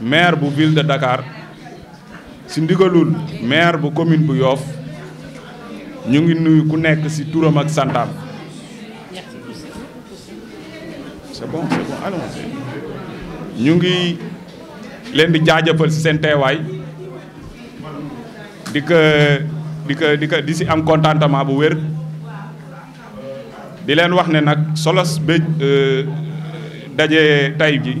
maire bu ville de Dakar si ndigalul maire bu commune bu Yoff ñu ngi nuyu ku nekk si turam ak santam c'est bon c'est bon allons ñu ngi leen di jaajeufal si sen di am contentement bu wër di len wax ne nak solos euh daje tay ji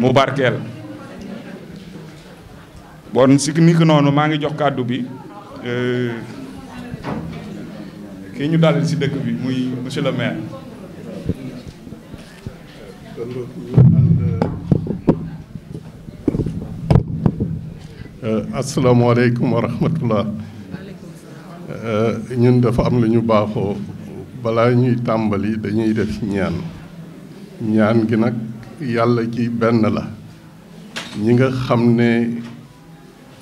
mu barkel bon si ni ki noonu ngi jox cadeau bi euh, ki ñu dalal ci dëkk bi muy monsieur le maire euh, asalaamaaleykum wa rahmatullah euh, ñun dafa am luñu baxo bala ñuy tambali dañuy def ñaan ñaan gi nak yalla ki ben la ñi nga xamne ne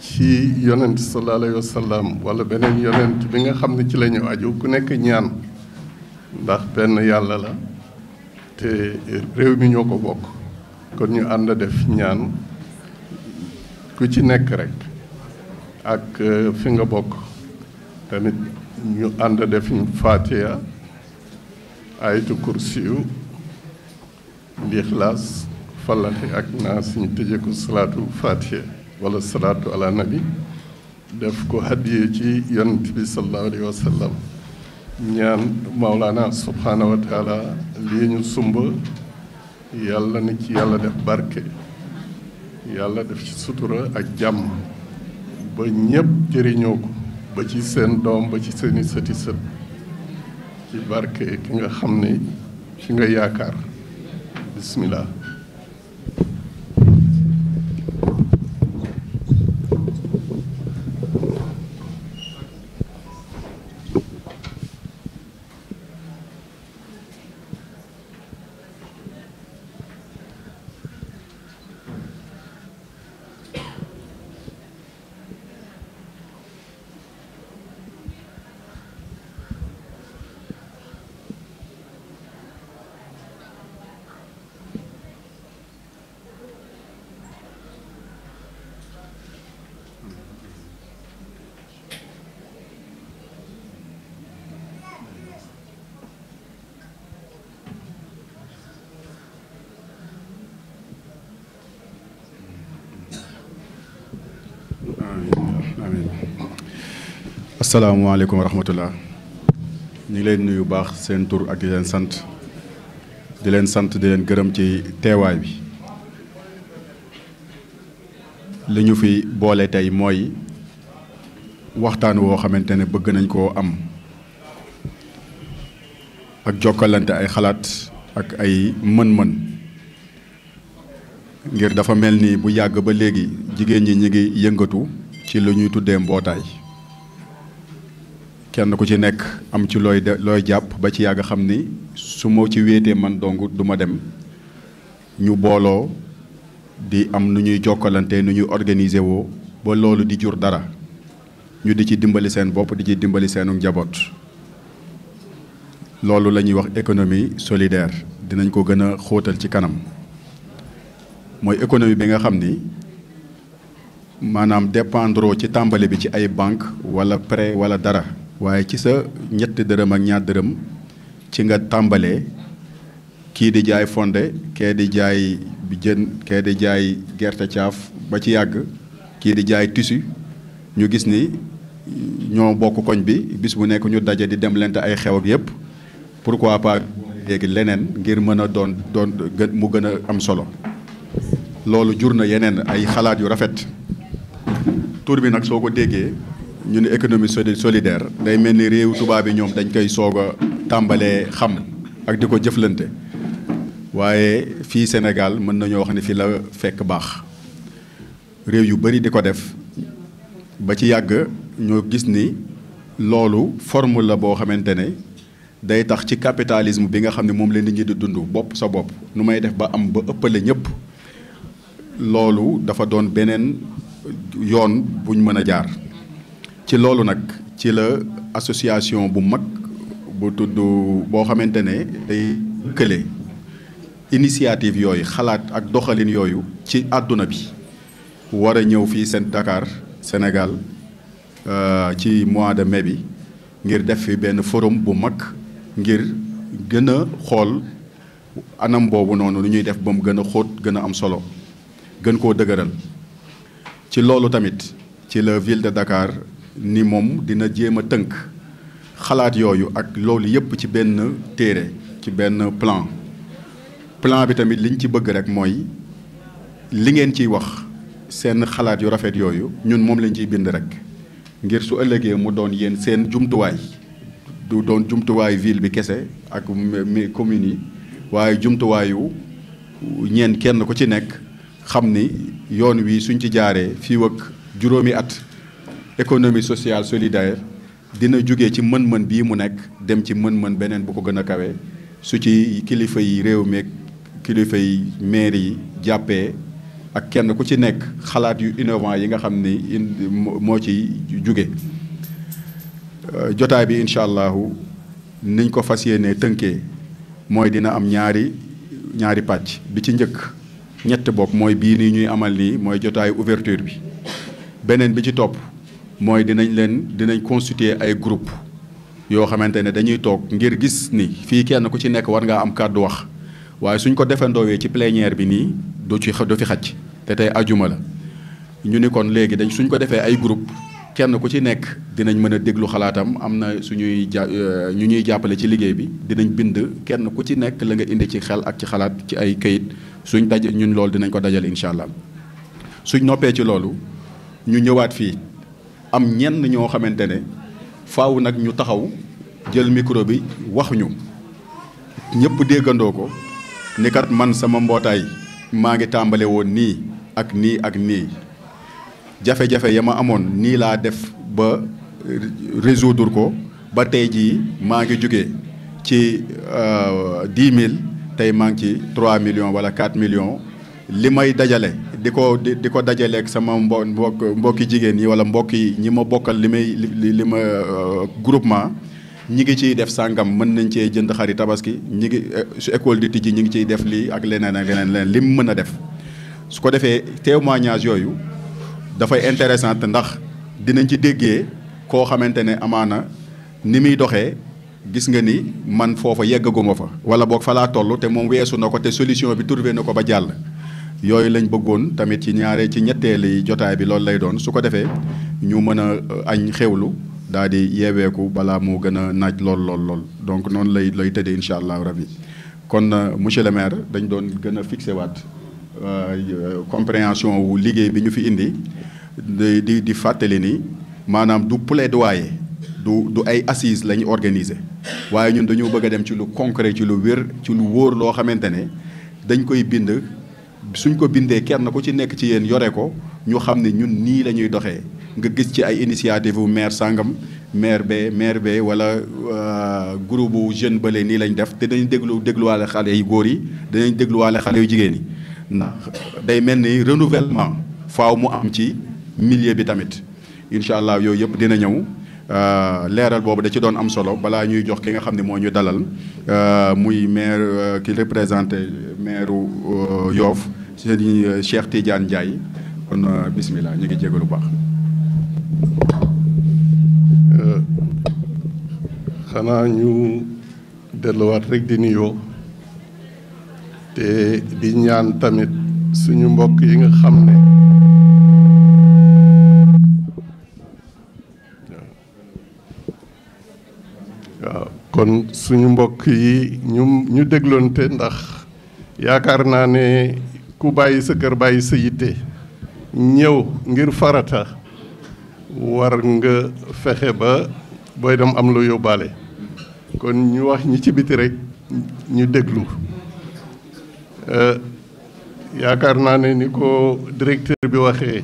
ci yonent sallallahu alayhi wasallam wala benen yonent bi nga xamne ne ci lañu ñu aju ku nekk ñaan ndax ben yalla la te rew mi ñoko ko kon ñu and def ñaan ku ci nekk rek ak euh, fi nga bok tamit ñu and def ñu fatiha ayatu kursiyu di xlaas falaxe ak naa suñu tëje ko salaatu fatiha wala salaatu ala nabi def ko haddiyee ci yonent bi sallallahu alayhi wa sallam ñaan maolaana subhaanahu wa taala sumba yàlla na ci yàlla def barke yàlla def ci sutura ak jàmm ba ñépp jëriñoo ko ba ci seen doom ba ci seeni sëti sët ci barke ki nga xam ni ci nga yaakaar 있습니다. asalaamaaleykum wa rahmatullah ñu ngi leen nuyu baax seen tur ak di leen sant di leen sant di leen gërëm ci teewaay bi li ñu fi boole tey mooy waxtaan woo xamante ne bëgg nañ koo am ak jokkalante ay xalaat ak ay mën-mën ngir dafa mel ni bu yàgg ba léegi jigéen ñi ñi ngi yëngatu ci lu ñuy tuddee mbootaay kenn ku ci nekk am ci looy de looy jàpp ba ci yàgg xam ni su ma ci wéetee man dong duma dem ñu booloo di am nu ñuy jokkalante nu ñuy organiser woo ba loolu di jur dara ñu di ci dimbali seen bopp di ci dimbali seenu njaboot loolu la ñuy wax économie solidaire dinañ ko gën a xóotal ci kanam mooy économie bi nga xam ni maanaam dépendre ci tàmbali bi ci ay banque wala pre wala dara waaye ci sa ñett dërëm ak ñaar dërëm ci nga tàmbalee kii di jaay fonde kee di jaay jën kee di jaay gerte caaf ba ci yàgg kii di jaay tissu ñu gis ni ñoo bokk koñ bi bis bu nekk ñu daje di dem lente ay xew ak yépp pourquoi pas léegi leneen ngir mën a doon doon gën mu gën a am solo loolu jur na yeneen ay xalaat yu rafet tur bi nag soo ko déggee ñu ne économie solidaire day mel ni réew tubaab yi ñoom dañ koy soog a tàmbalee xam ak di ko jëflante waaye fii Sénégal mën nañoo wax ne fii la fekk baax réew yu bari di ko def ba ci yàgg ñoo gis ni loolu formule la boo xamante ne day tax ci capitalisme bi nga xam ne moom leen nit ñi di dund bopp sa bopp nu may def ba am ba ëppale ñëpp loolu dafa doon beneen yoon buñ mën a jaar ci loolu nag ci la association bu mag bu tudd boo xamante ne day kële initiative yooyu xalaat ak doxalin yooyu ci àdduna bi war a ñëw fii seen Dakar Sénégal euh, ci mois de mais bi ngir def fi benn forum bu mag ngir gën a xool anam boobu noonu lu ñuy def ba mu gën a xóot gën a am solo gën koo dëgëral ci loolu tamit ci la ville de Dakar ni moom dina jéem a tënk xalaat yooyu ak loolu yépp ci benn téere ci benn plan plan bi tamit liñ ci bëgg rek mooy li ngeen ciy wax seen xalaat yu rafet yooyu ñun moom lañ ciy bind rek ngir su ëllëgee mu doon yéen seen jumtuwaay du doon jumtuwaayu ville bi kese ak commune yi waaye jumtuwaayu ñeen kenn ku ci nekk xam ni yoon wi suñ ci jaaree fii ak juróomi at économie sociale solidaire dina jóge ci mën-mën bii mu nekk dem ci mën-mën beneen bu ko gën a kawe su ci kilifa yi réew meeg kilifa yi maire yi jàppee ak kenn ku ci nekk xalaat yu innovant yi nga xam ni moo ci jóge euh, jotaay bi incha allahu niñ ko fas yéenee tënkee mooy dina am ñaari ñaari pàcc bi ci njëkk ñett bopp mooy bii nii ñuy amal nii mooy jotaayu ouverture bi beneen bi ci topp mooy dinañ leen dinañ constituer ay groupe yoo xamante ne dañuy toog ngir gis ni fii kenn ku ci nekk war ngaa am kàddu wax waaye suñ ko defee ndoowee ci plénière bi nii du ci du fi xaj te tey ajuma la ñu ni kon léegi dañ suñ ko defee ay groupe kenn ku ci nekk dinañ mën a déglu xalaatam am na suñuy ja euh, ñu ñuy jàppale ci liggéey bi dinañ bind kenn ku ci nekk la nga indi ci xel ak ci xalaat ci ay kayit suñ daj ñun loolu dinañ ko dajal incha allah suñ noppee ci loolu ñu ñëwaat fii am ñenn ñoo xamante ne faaw nag ñu taxaw jël micro bi wax ñu ñëpp déggandoo ko ni kat man sama mbootaay maa ngi tàmbale woon nii ak nii ak nii jafe-jafe ya ma amoon nii laa def ba résoudre ko ba tey jii maa ngi jóge ci euh, dix mille tey maa ngi ci trois millions wala quatre millions li may dajale di ko di di ko ak sama mbo mbokk mbokki jigéen yi wala mbokk yi ñi ma bokkal li may li li ma euh, groupement ñi ngi ciy def sàngam mën nañ cee jënd xari tabaski ñi ngi euh, su école di tijji ñi ngi ciy def lii ak leneen ak leneen leneen lim mën a def su ko defee témoignage yooyu dafay intéressant ndax dinañ ci déggee koo xamante ne amaana ni muy doxee gis nga ni man foofa yeggaguma fa wala boo fa laa te moom weesu na ko te solution bi trouvé na ko ba jàll yooyu lañ bëggoon tamit ci ñaaree ci ñetteeli jotaay bi loolu lay doon su ko defee ñu mën a euh, añ xewlu daal di yeeweeku balaa moo gën a naaj lool lool lool donc noonu lay lay tëddee incha allah rabi kon euh, monsieur le maire dañ doon gën a fixé waat euh, compréhension wu liggéey bi ñu fi indi di di fàttali ni maanaam du plaidoyer du du ay assises la ñu organiser waaye ñun dañoo bëgg a dem ci lu concret ci lu wér ci lu wóor loo xamante ne dañ koy bind. suñ ko bindee kenn ku ci nekk ci yéen yore ko ñu xam ne ñun nii lañuy doxee nga gis ci ay initiative bu maire sàngam maire be maire be wala euh, groupe bu jeune bële nii lañ def te danañ déglu dégluwaale xale yu góor yi danañ dégluwaale xale yu jigéen yi ndax day mel ni renouvellement faaw mu am ci milieu bi tamit incha allah yooyu yëpp dina ñëw euh, leeral boobu da ci doon am solo balaa ñuy jox ki nga xam ne moo ñu dalal euh, muy maire ki représenté maire Yoff Serigne euh, Cheikh Tidiane Ndiaye kon euh, bismillah ñu ngi lu baax. Euh, xanaa ñu delluwaat rekk di nuyoo te di ñaan tamit suñu mbokk yi nga xam ne. waaw kon suñu mbokk yi ñu ñu dégloonte ndax yaakaar naa ne ku bàyyi sa kër bàyyi sa yitte ñëw ngir farata war nga fexe ba booy dem am lu yóbbaale kon ñu wax ñi ci biti rek ñu déglu euh, yaakaar naa ne ni ko directeur bi waxee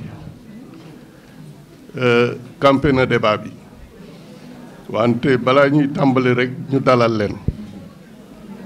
euh, campé na débat bi wante balaa ñuy tàmbali rek ñu dalal leen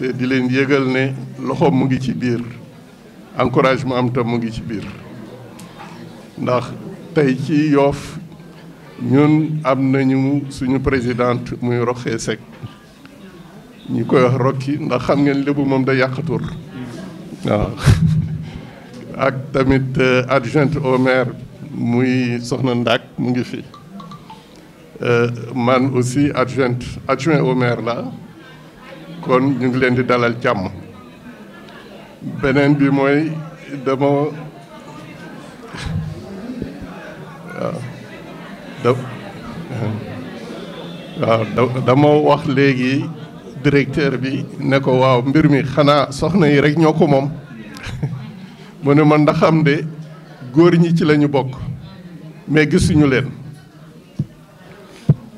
te di leen yëgal ne loxoom mu ngi ci biir encouragement am tam mu ngi ci biir ndax tey ci yoof ñun am nañu suñu présidente muy Roxee sec ñi koy wax Rocky ndax xam ngeen lébu moom da yàqatur waaw ak tamit euh, adjointe au maire muy soxna ndak mu ngi fi euh, man aussi adjointe adjoint au maire la kon ñu ngi leen di dalal càmm beneen bi mooy dama waaw dama wax léegi directeur bi ne ko waaw mbir mi xanaa soxna yi rek ñoo ko moom mu ne man ndax am de góor ñi ci lañu bokk mais gisuñu leen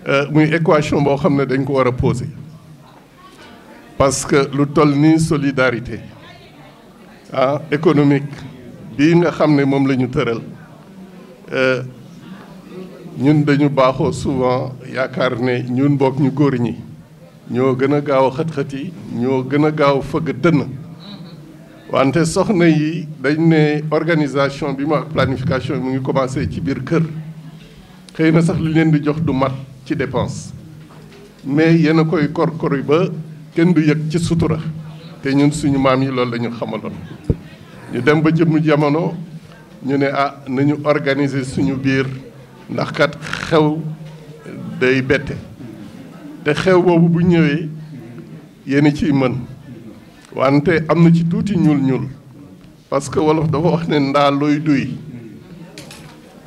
euh, muy équation boo xam ne dañ ko war a poser parce que lu toll ni solidarité ah économique bii nga xam ne moom la ñu tëral euh, ñun dañu baaxoo souvent yaakaar ne ñun bokk ñu góor ñi ñoo gën a gaaw a xët-xët ñoo gën a gaaw fëgg dënn wante soxna yi dañ ne organisation bi mu ak planification mu ngi commencé ci biir kër xëy na sax li leen di jox du mat ci dépense mais yéen a koy korkori ba kenn du yëg ci sutura te ñun suñu maam yi loolu lañu ñu xamaloon ñu dem ba jëmm jamono ñu ne ah nañu organiser suñu biir ndax kat xew day bette te xew boobu bu ñëwee yéen ciy mën wante am na ci tuuti ñuul ñuul parce que wolof dafa wax ne ndaa looy duy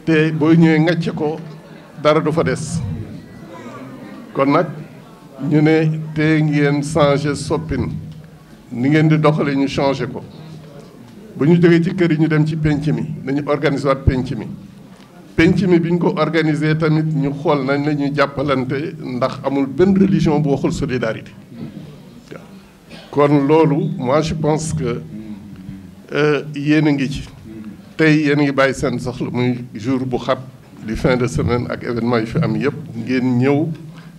te boo ñëwee ngàcce ko dara du fa des kon nag ñu ne des ngeen changé soppin ni ngeen di doxale ñu changé ko bu ñu jógee ci kër ñu dem ci penc mi nañu organiser mi mi ko tamit ñu la religion solidarité kon moi je pense que euh, yéen ngi ci ngi jour bu fin de semaine ak événement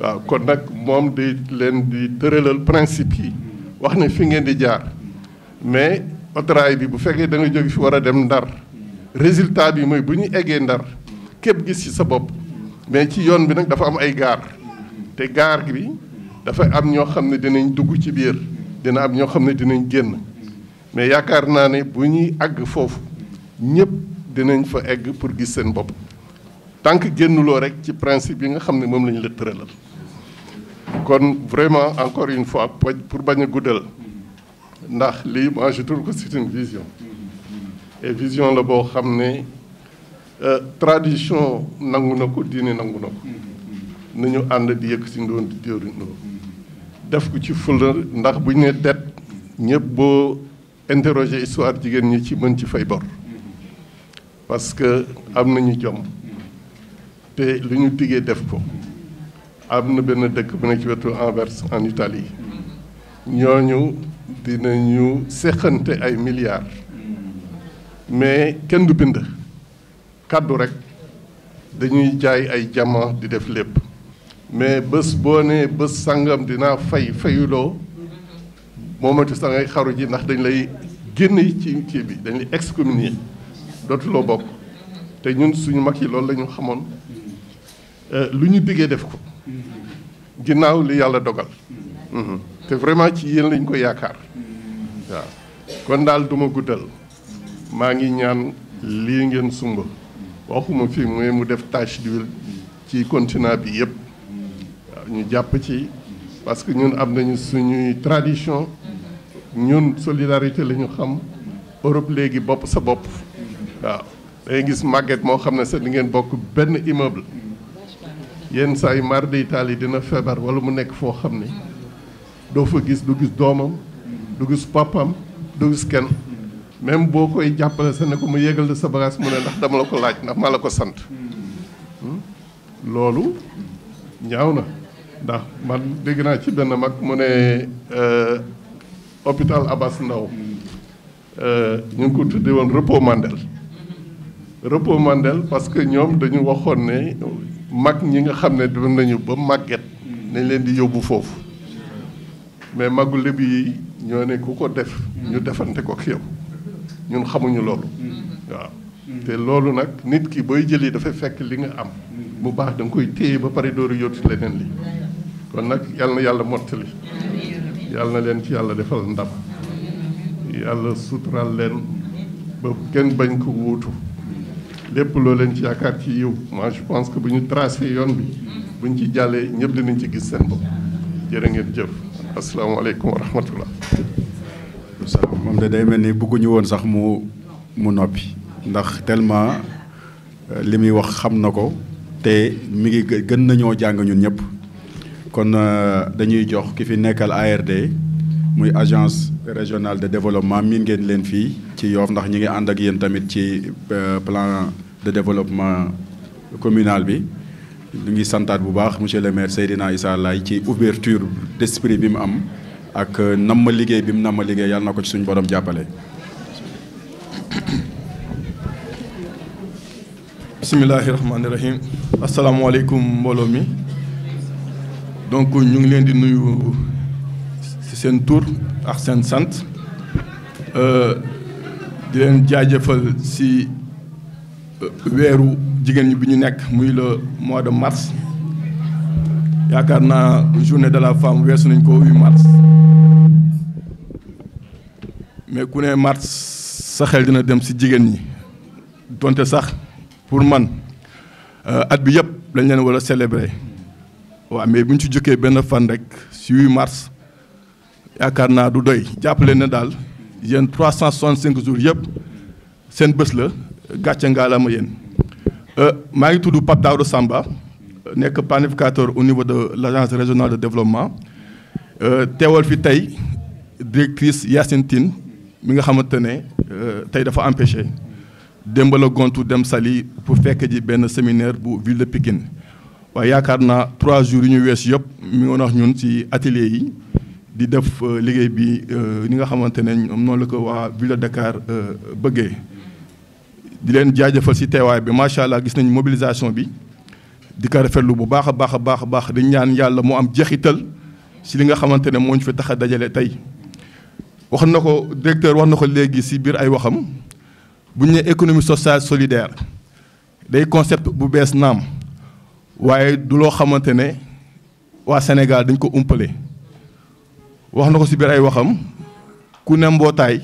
waaw kon nag moom di leen di tëralal principe yi wax ne fi ngeen di jaar mais autorail bi bu fekkee da nga jóge fi war a dem ndar résultat bi mooy bu ñu eggee ndar képp gis ci sa bopp mais ci yoon bi nag dafa am ay gaar te gaar bi dafa am ñoo xam ne dinañ dugg ci biir dina am ñoo xam ne dinañ génn mais yaakaar naa ne bu ñuy àgg foofu ñëpp dinañ fa egg pour gis seen bopp tant que génnuloo rek ci principe yi nga xam ne moom la ñu la tëralal kon vraiment encore une fois pour bañ a guddal ndax li ma je trouve que c'est une vision et vision la bo xamné euh tradition nangu na ko diine nangu na ko nañu ànd di yëkk ci ndon di jóorindoo def ko ci fulla ndax bu ñu ne ñepp bo interroger histoire jigen ñi ci mën ci fay bor parce que am nañu jom te luñu ñu def ko am na benn dëkk bu ne ci wetu Anvers en Italie ñooñu dinañu séqante ay milliards mais kenn du bind kaddu rek dañuy jaay ay jamono di def lépp mais bés boo nee bés sangam dinaa fay fayuloo moomati sax ngay xaru ji ndax dañ lay génn ci kii bi dañ lay excommunier dootuloo bokk te ñun suñu mag yi loolu la ñu xamoon euh, lu ñu diggee def ko. ginnaaw li yàlla dogal mhm. te vraiment ci yéen lañ ko yaakaar waaw kon daal duma guddal maa ngi ñaan lii ngeen sumba waxuma fii mooy mu def tâche d'huile ci continent bi yëpp ñu jàpp ci parce que ñun am nañu suñuy tradition ñun solidarité la ñu xam Europe léegi bopp sa bopp waaw dangay gis màgget moo xam ne sax di ngeen bokk benn immeuble yenn saa yi mar de yi dina feebar wala mu nekk foo xam ne doo fa gis du gis doomam du gis papam du gis kenn même boo koy jàppale sa ne ko mu yégal la sa bagage mu ne ndax dama la ko laaj ndax maa la ko sant hmm? loolu ñaaw na ndax man dégg naa ci benn mag mu ne euh, hôpital Abass Ndao euh, ñu ngi ko tuddee woon repos Mandel repos Mandel parce que ñoom dañu waxoon ne mag ñi nga xam ne dem nañu ba màgget nañ leen di yóbbu foofu mais magu lébu yi ñoo ne ku ko def ñu defante ko ak yow ñun xamuñu loolu waaw te loolu nag nit ki booy jëli dafay fekk li nga am bu baax da koy téye ba pare dooru yóotu leneen li kon nag yàlla na yàlla mottali yàlla na leen ci yàlla defal ndam yàlla suturaal leen ba kenn bañ ko wuutu lépp loolu leen ci yaakaar ci yiw moi je pense que bu ñu tracé yoon bi bu ñu ci jàllee ñëpp dinañ ci gis seen bopp jërë ngeen jëf asalaamaaleykum wa rahmatullah moom de day mel ni bëgguñu woon sax mu mu noppi ndax tellement euh, li muy wax xam na ko te mi ngi gën nañoo jàng ñun ñëpp kon euh, dañuy jox ki fi nekkal ARD muy agence régionale de développement miin ngeen leen fii ci Yoff ndax ñi ngi ànd ak yéen tamit ci euh, plan de développement communal bi ñu ngi beaucoup bu baax monsieur le maire Seydina Issa Laye ci ouverture d'esprit bi mu am ak nam ma liggéey bi mu nam ma liggéey yàlla na ko ci suñu borom jàppale bisimilahi rahmaani rahim asalaamaaleykum donc ñu ngi leen di nuyu ci tour tur ak seen sant euh, di si wéru jigéen ñi bi ñu nekk muy le mois de mars yaakaar naa journée de la femme weesu nañ ko 8 mars mais ku ne mars sa xel dina dem ci jigéen ñi donte sax pour man euh, at bi yëpp lañ leen war a célébrer waaw mais bu ñu ci jógee benn fan rek ci 8 mars yaakaar naa du doy jàppale na daal yéen 365 jours yëpp seen bés la gàcce suis yéen euh, maa ngi tudd Samba planificateur au niveau de l'agence régionale de développement euh, teewal fi directrice Yacine Tine mi nga xamante ne euh, tey dafa empêché de dem Sali, pour fekk ji benn séminaire bu ville de Pikine waaye yaakaar naa trois jours yu ñu wees mi wax atelier yi di def bi ni nga xamante ne la ko ville de Dakar di leen jaajëfal si teewaay bi macha allah gis nañ mobilisation bi di ko rafetlu bu baax a baax a baax a baax di ñaan yàlla moo am jeexital si li nga xamante ne moo ñu fi tax a dajale tey. wax na ko directeur wax na ko léegi si biir ay waxam bu ne nee économie sociale solidaire day concept bu bees naam waaye du loo xamante ne waa Sénégal dañ ko umpale wax na ko si biir ay waxam ku ne mbootaay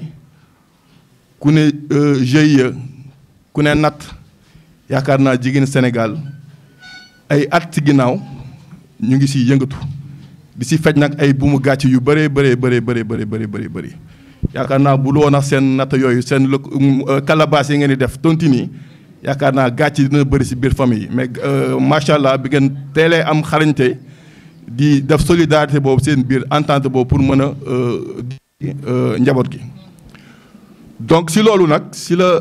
ku ne euh, GIE. ku ne natt yaakaar naa jigéen Sénégal ay at ci ginnaaw ñu ngi siy yëngatu di si faj nag ay buumu gàcc yu bëree bëree bëree bëri bëri bëri bëri yaakaar naa bu loo nag seen natt yooyu seen mm, euh, calebasse yi ngeen di def tontine yi yaakaar naa gàcce dina bëri si biir famille yi mais euh, macha allah bi ngeen teelee am xarañte di def solidarité boobu seen biir entente boobu pour mën a euh, njaboot gi donc si loolu nag si la.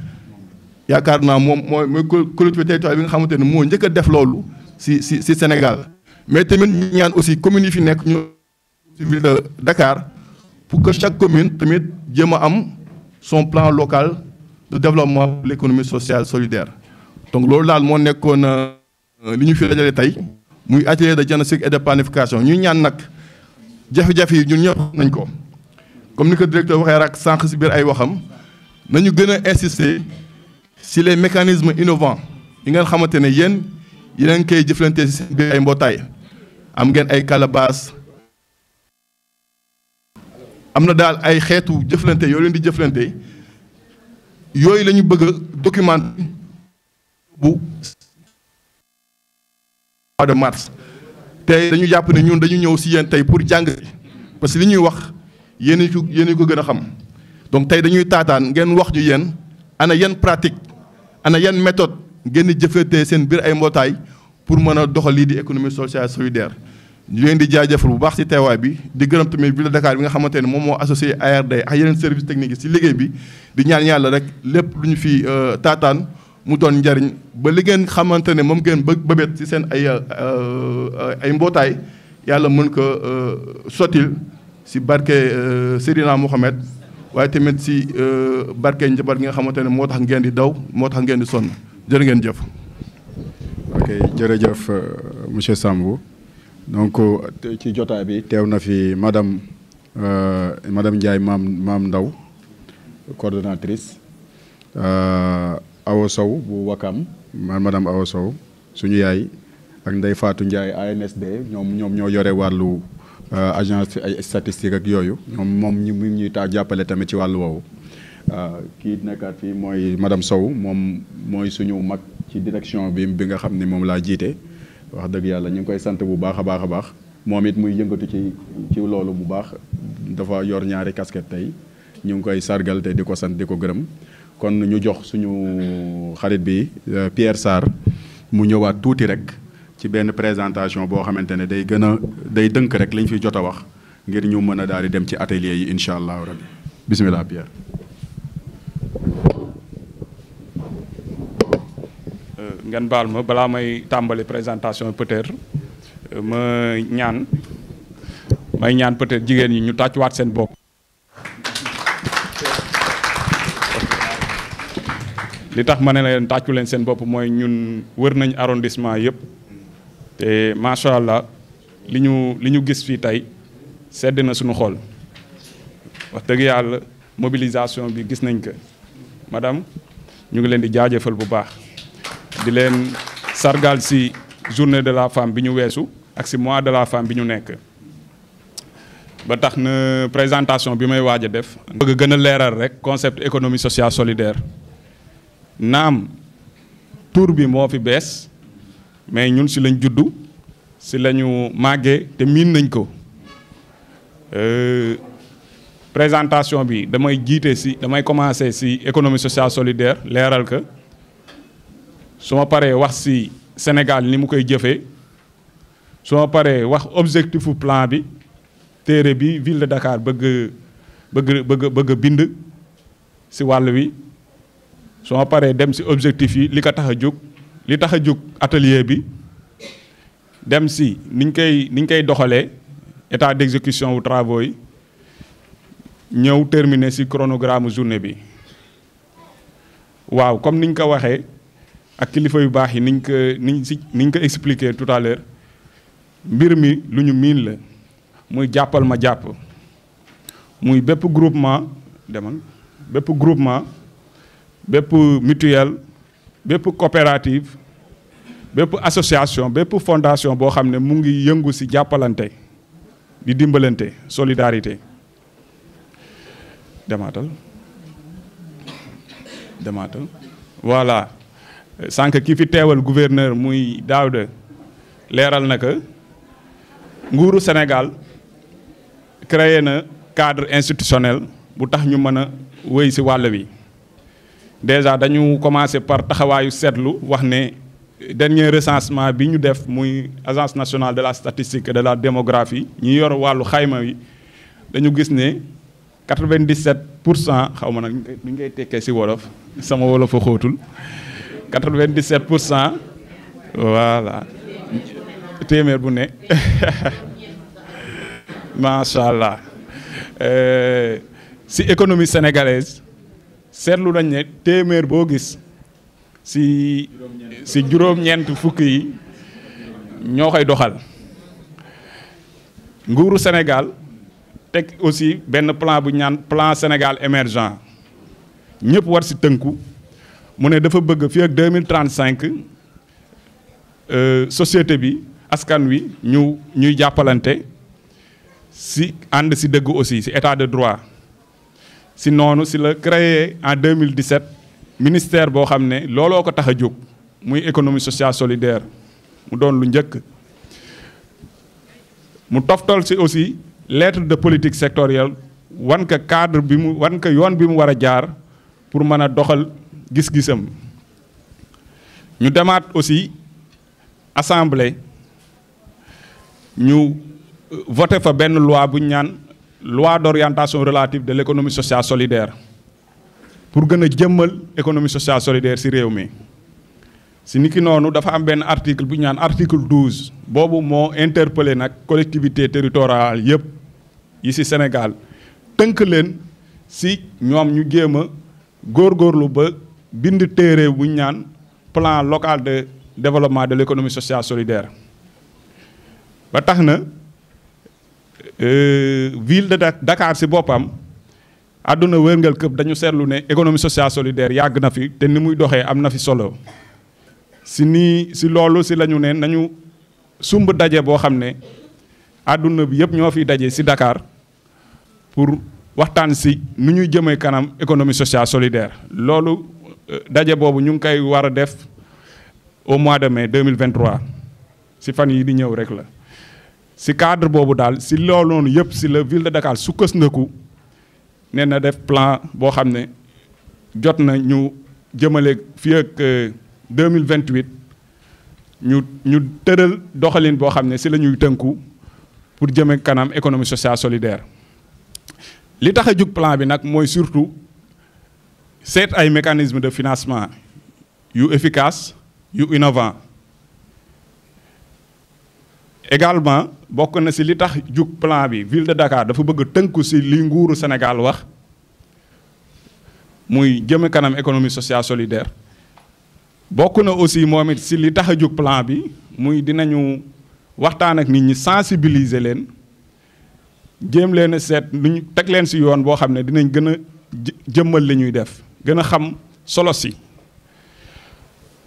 yaakaar naa moom mooy mooy collectivité territoriale bi nga xamante ne moo njëkk a def loolu si si si Sénégal mais tamit ñu ñaan aussi commune yi fi nekk ñu si ville de Dakar pour que chaque commune tamit jéem a am son plan local de développement pour l'économie sociale solidaire donc loolu daal moo nekkoon euh, li ñu fi dajale tey muy atelier de diagnostic et de planification ñu ñaan nag jafe-jafe yi ñun ñëpp nañ ko comme ni ko directeur waxee rak sànq si biir ay waxam nañu gën a insister ci les mécanismes innovants yi ngeen xamante ne yéen yéen a ngi koy jëflante si seen biir ay mbootaay am ngeen ay calebasses am na daal ay xeetu jëflante yoo leen di jëflante yooyu lañu ñu bëgg a bu mois mars te dañu jàpp ne ñun dañu ñëw si yéen tey pour jàng parce que li ñuy wax yenn ko yéen ko gën a xam donc tey dañuy taataan ngeen wax ñu yéen ana yenn pratique ana yan méthode ngeen di jëflante seen biir ay mbootaay pour mën a doxalii di économie sociale solidaire ñu leen di jaajëfal bu baax ci teewaay bi di gërëm tamit ville de Dakar bi nga xamante ne moom moo associé ARD ak yeneen service technique yi ci liggéey bi di ñaan yàlla rek lépp lu ñu fi euh, taataan mu doon njariñ ba li ngeen xamante ne moom ngeen bëgg bëbët ci seen ay euh, ay mbootaay yàlla mën ko euh, sottil ci barke Seydina Mohamed waaye tamit si euh, barke njaboot gi nga xamante ne moo tax ngeen di daw moo tax ngeen di sonn jërë ngeen jëf. ok jërëjëf euh, monsieur Sambou donc euh, ci jotaay bi teew na fi madame madame Ndiaye maam maam Ndaw coordinatrice Awa Sow bu Wakam man madame Awa Sow suñu yaay ak ndey faatu Ndiaye ANSD ñoom ñoom ñoo yore wàllu. Euh, agence ay statistique ak yooyu ñoom moom ñu mu ñuy taa jàppale tamit ci wàllu woowu euh, kii nekkaat fii mooy madame Sow moom mooy suñu mag ci direction bi bi nga xam ni moom laa jiite wax dëgg yàlla ñu ngi koy sant bu baax a baax a baax moom it muy yëngatu ci ci loolu bu baax dafa yor ñaari casquette tey ñu ngi koy sargal te di ko sant di ko gërëm kon ñu jox suñu xarit bi euh, Pierre Sarr mu ñëwaat tuuti rek ci benn présentation boo xamante ne day gën a day dënk rek lañ fi jot a wax ngir ñu mën a daal di dem ci atelier yi incha allahu rabbi bismillah Pierre. Euh, ngeen baal ma balaa may tàmbali présentation peut euh, ma ñaan may ñaan peut-être jigéen ñi ñu tàccuwaat seen bopp. li tax ma ne la tàccu leen seen bopp mooy ñun wër nañ arrondissement yëpp. te macha allah li ñu li ñu gis fii tey sedd na suñu xol wax dëgg yàlla mobilisation bi gis nañ ko madame ñu ngi leen di jaajëfal bu baax di leen sargal si journée de la femme bi ñu weesu ak si mois de la femme bi ñu nekk ba tax na présentation bi may waaj a def bëgg gën a leeral rek concept économie sociale solidaire naam tour bi moo fi bees mais ñun si lañ judd si lañu màggee te miin nañ ko euh, présentation bi damay jiite si damay commencé si économie sociale solidaire leeral que su ma paree wax si Sénégal ni mu koy jëfee su ma paree wax plan bi téere bi ville de Dakar bëgg bëgg bëgg bëgg bind si wàll wi su ma paree dem si objectif yi li ko tax li tax a jóg atelier bi dem si niñ koy niñ koy doxalee état d'exécution wu travaux yi ñëw terminer si chronogramme journée bi waaw comme niñ ko waxee ak kilifa yu baax yi niñ ko niñ si niñ ko expliquer tout à l'heure mbir mi lu ñu miin la muy jàppal ma jàpp muy bépp groupement demal bépp groupement bépp mutuelle bépp coopérative bépp association bépp fondation boo xam ne mu ngi yëngu si jàppalante di dimbalante solidarité demaatal demaatal voilà sànq ki fi teewal gouverneur muy Daouda leeral na que nguuru Sénégal créé na cadre institutionnel bu tax ñu mën a wéy si wàll wi déjà dañu commencé par taxawaayu setlu wax né dernier recensement bi ñu def muy agence nationale de la statistique et de la démographie ñi yor walu xayma wi dañu gis ne 97 xawma nak xaw ngay téké ci wolof sama wolof 97 voilà téeméer bu ma sha allah si euh, économie sénégalaise seetlu nañ ne téeméer boo gis si si juróom-ñeent fukk yi ñoo koy doxal nguuru Sénégal teg aussi benn plan bu ñaan plan Sénégal émergent ñëpp war si tënku mu ne dafa bëgg fii ak 2035 euh, société bi askan wi ñu ñuy jàppalante si ànd si dëgg aussi si état de droit si nonu si le créé en 2017 ministère bo xamné lolo ko tax a muy économie sociale solidaire mu don lu njëkk mu toftal si aussi lettre de politique sectorielle wan ka cadre bi mu wan ka yoon bi mu jaar pour mën doxal gis-gisam ñu demaat aussi assemblée ñu euh, voter fa ben loi bu ñaan loi d'orientation relative de l'économie sociale solidaire pour que l'économie économie sociale solidaire ci réew mi ci niki un dafa am article bu article 12, bobu mo interpellé collectivité territoriale yépp au Sénégal tënk leen si ñoom ñu gor plan local de développement de l'économie sociale solidaire ba tax Euh, ville de Dakar si bopam aduna wërngal këpp dañu seetlu ne économie sociale solidaire yag na fi te ni muy doxé am na fi solo si ni si lolu si lañu ñu ne nañu sumb dajé bo xamné ne bi yépp ñofi dajé daje si Dakar pour waxtaan si nu ñuy jëmee kanam économie sociale solidaire loolu euh, daje boobu ñu ngi koy war def au mois de mai 2023 si fan yi di ñëw rek la ci cadre bobu dal ci looloonu yëpp ci la ville de Dakar sukkandiku nee na def plan boo xam ne jot na ñu jëmele fi ak 2028 euh, ñu ñu tëral doxalin bo xam ci lañuy teunku pour jëme kanam économie sociale solidaire li tax plan bi nak moy surtout set ay mécanismes de financement yu efficace yu innovant également bokk na si li tax jug plan bi ville de Dakar dafa bëgg tënku si li nguuru senegal wax muy jëm kanam économie sociale solidaire bokk na aussi moom it si li tax a jug plan bi muy dinañu waxtaan ak nit ñi sensibiliser leen jéem leen a seet lu ñu teg leen si yoon boo xam ne dinañ gën a jëmmal lañuy def gën a xam solo si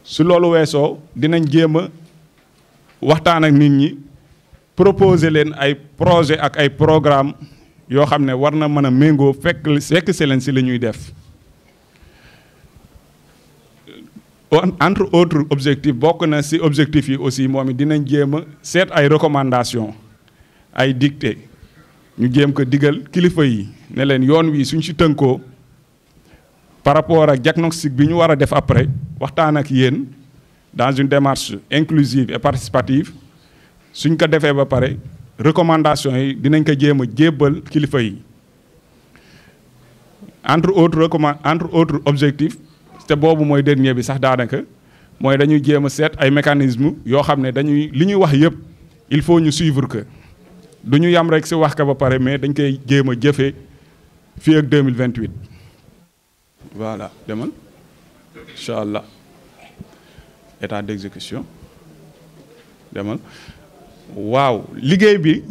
su loolu weesoo dinañ jéem a waxtaan ak nit ñi. proposer les projets projet ak programmes programme yoo xam ne war na mën a méngoo fekk fekk si leen si li def entre autres objectifs bokk na si objectif yi aussi momi dinañ jéem set ay recommandations ay dictées ñu jëm ko digal kilifa yi ne len yoon wi suñ ci par rapport ak diagnostic bi ñu wara faire def après waxtaan ak yeen dans une démarche inclusive et participative suñ ko defee fait, pare recommandations yi dinañ ko kilifa entre autres entre autres objectifs te boobu mooy dernier bi sax daanaka dañuy mécanismes dañuy il faut ñu suivre que du yam rek wax ba mais dañ koy 2028 voilà demal état d'exécution demal waaw liggéey bi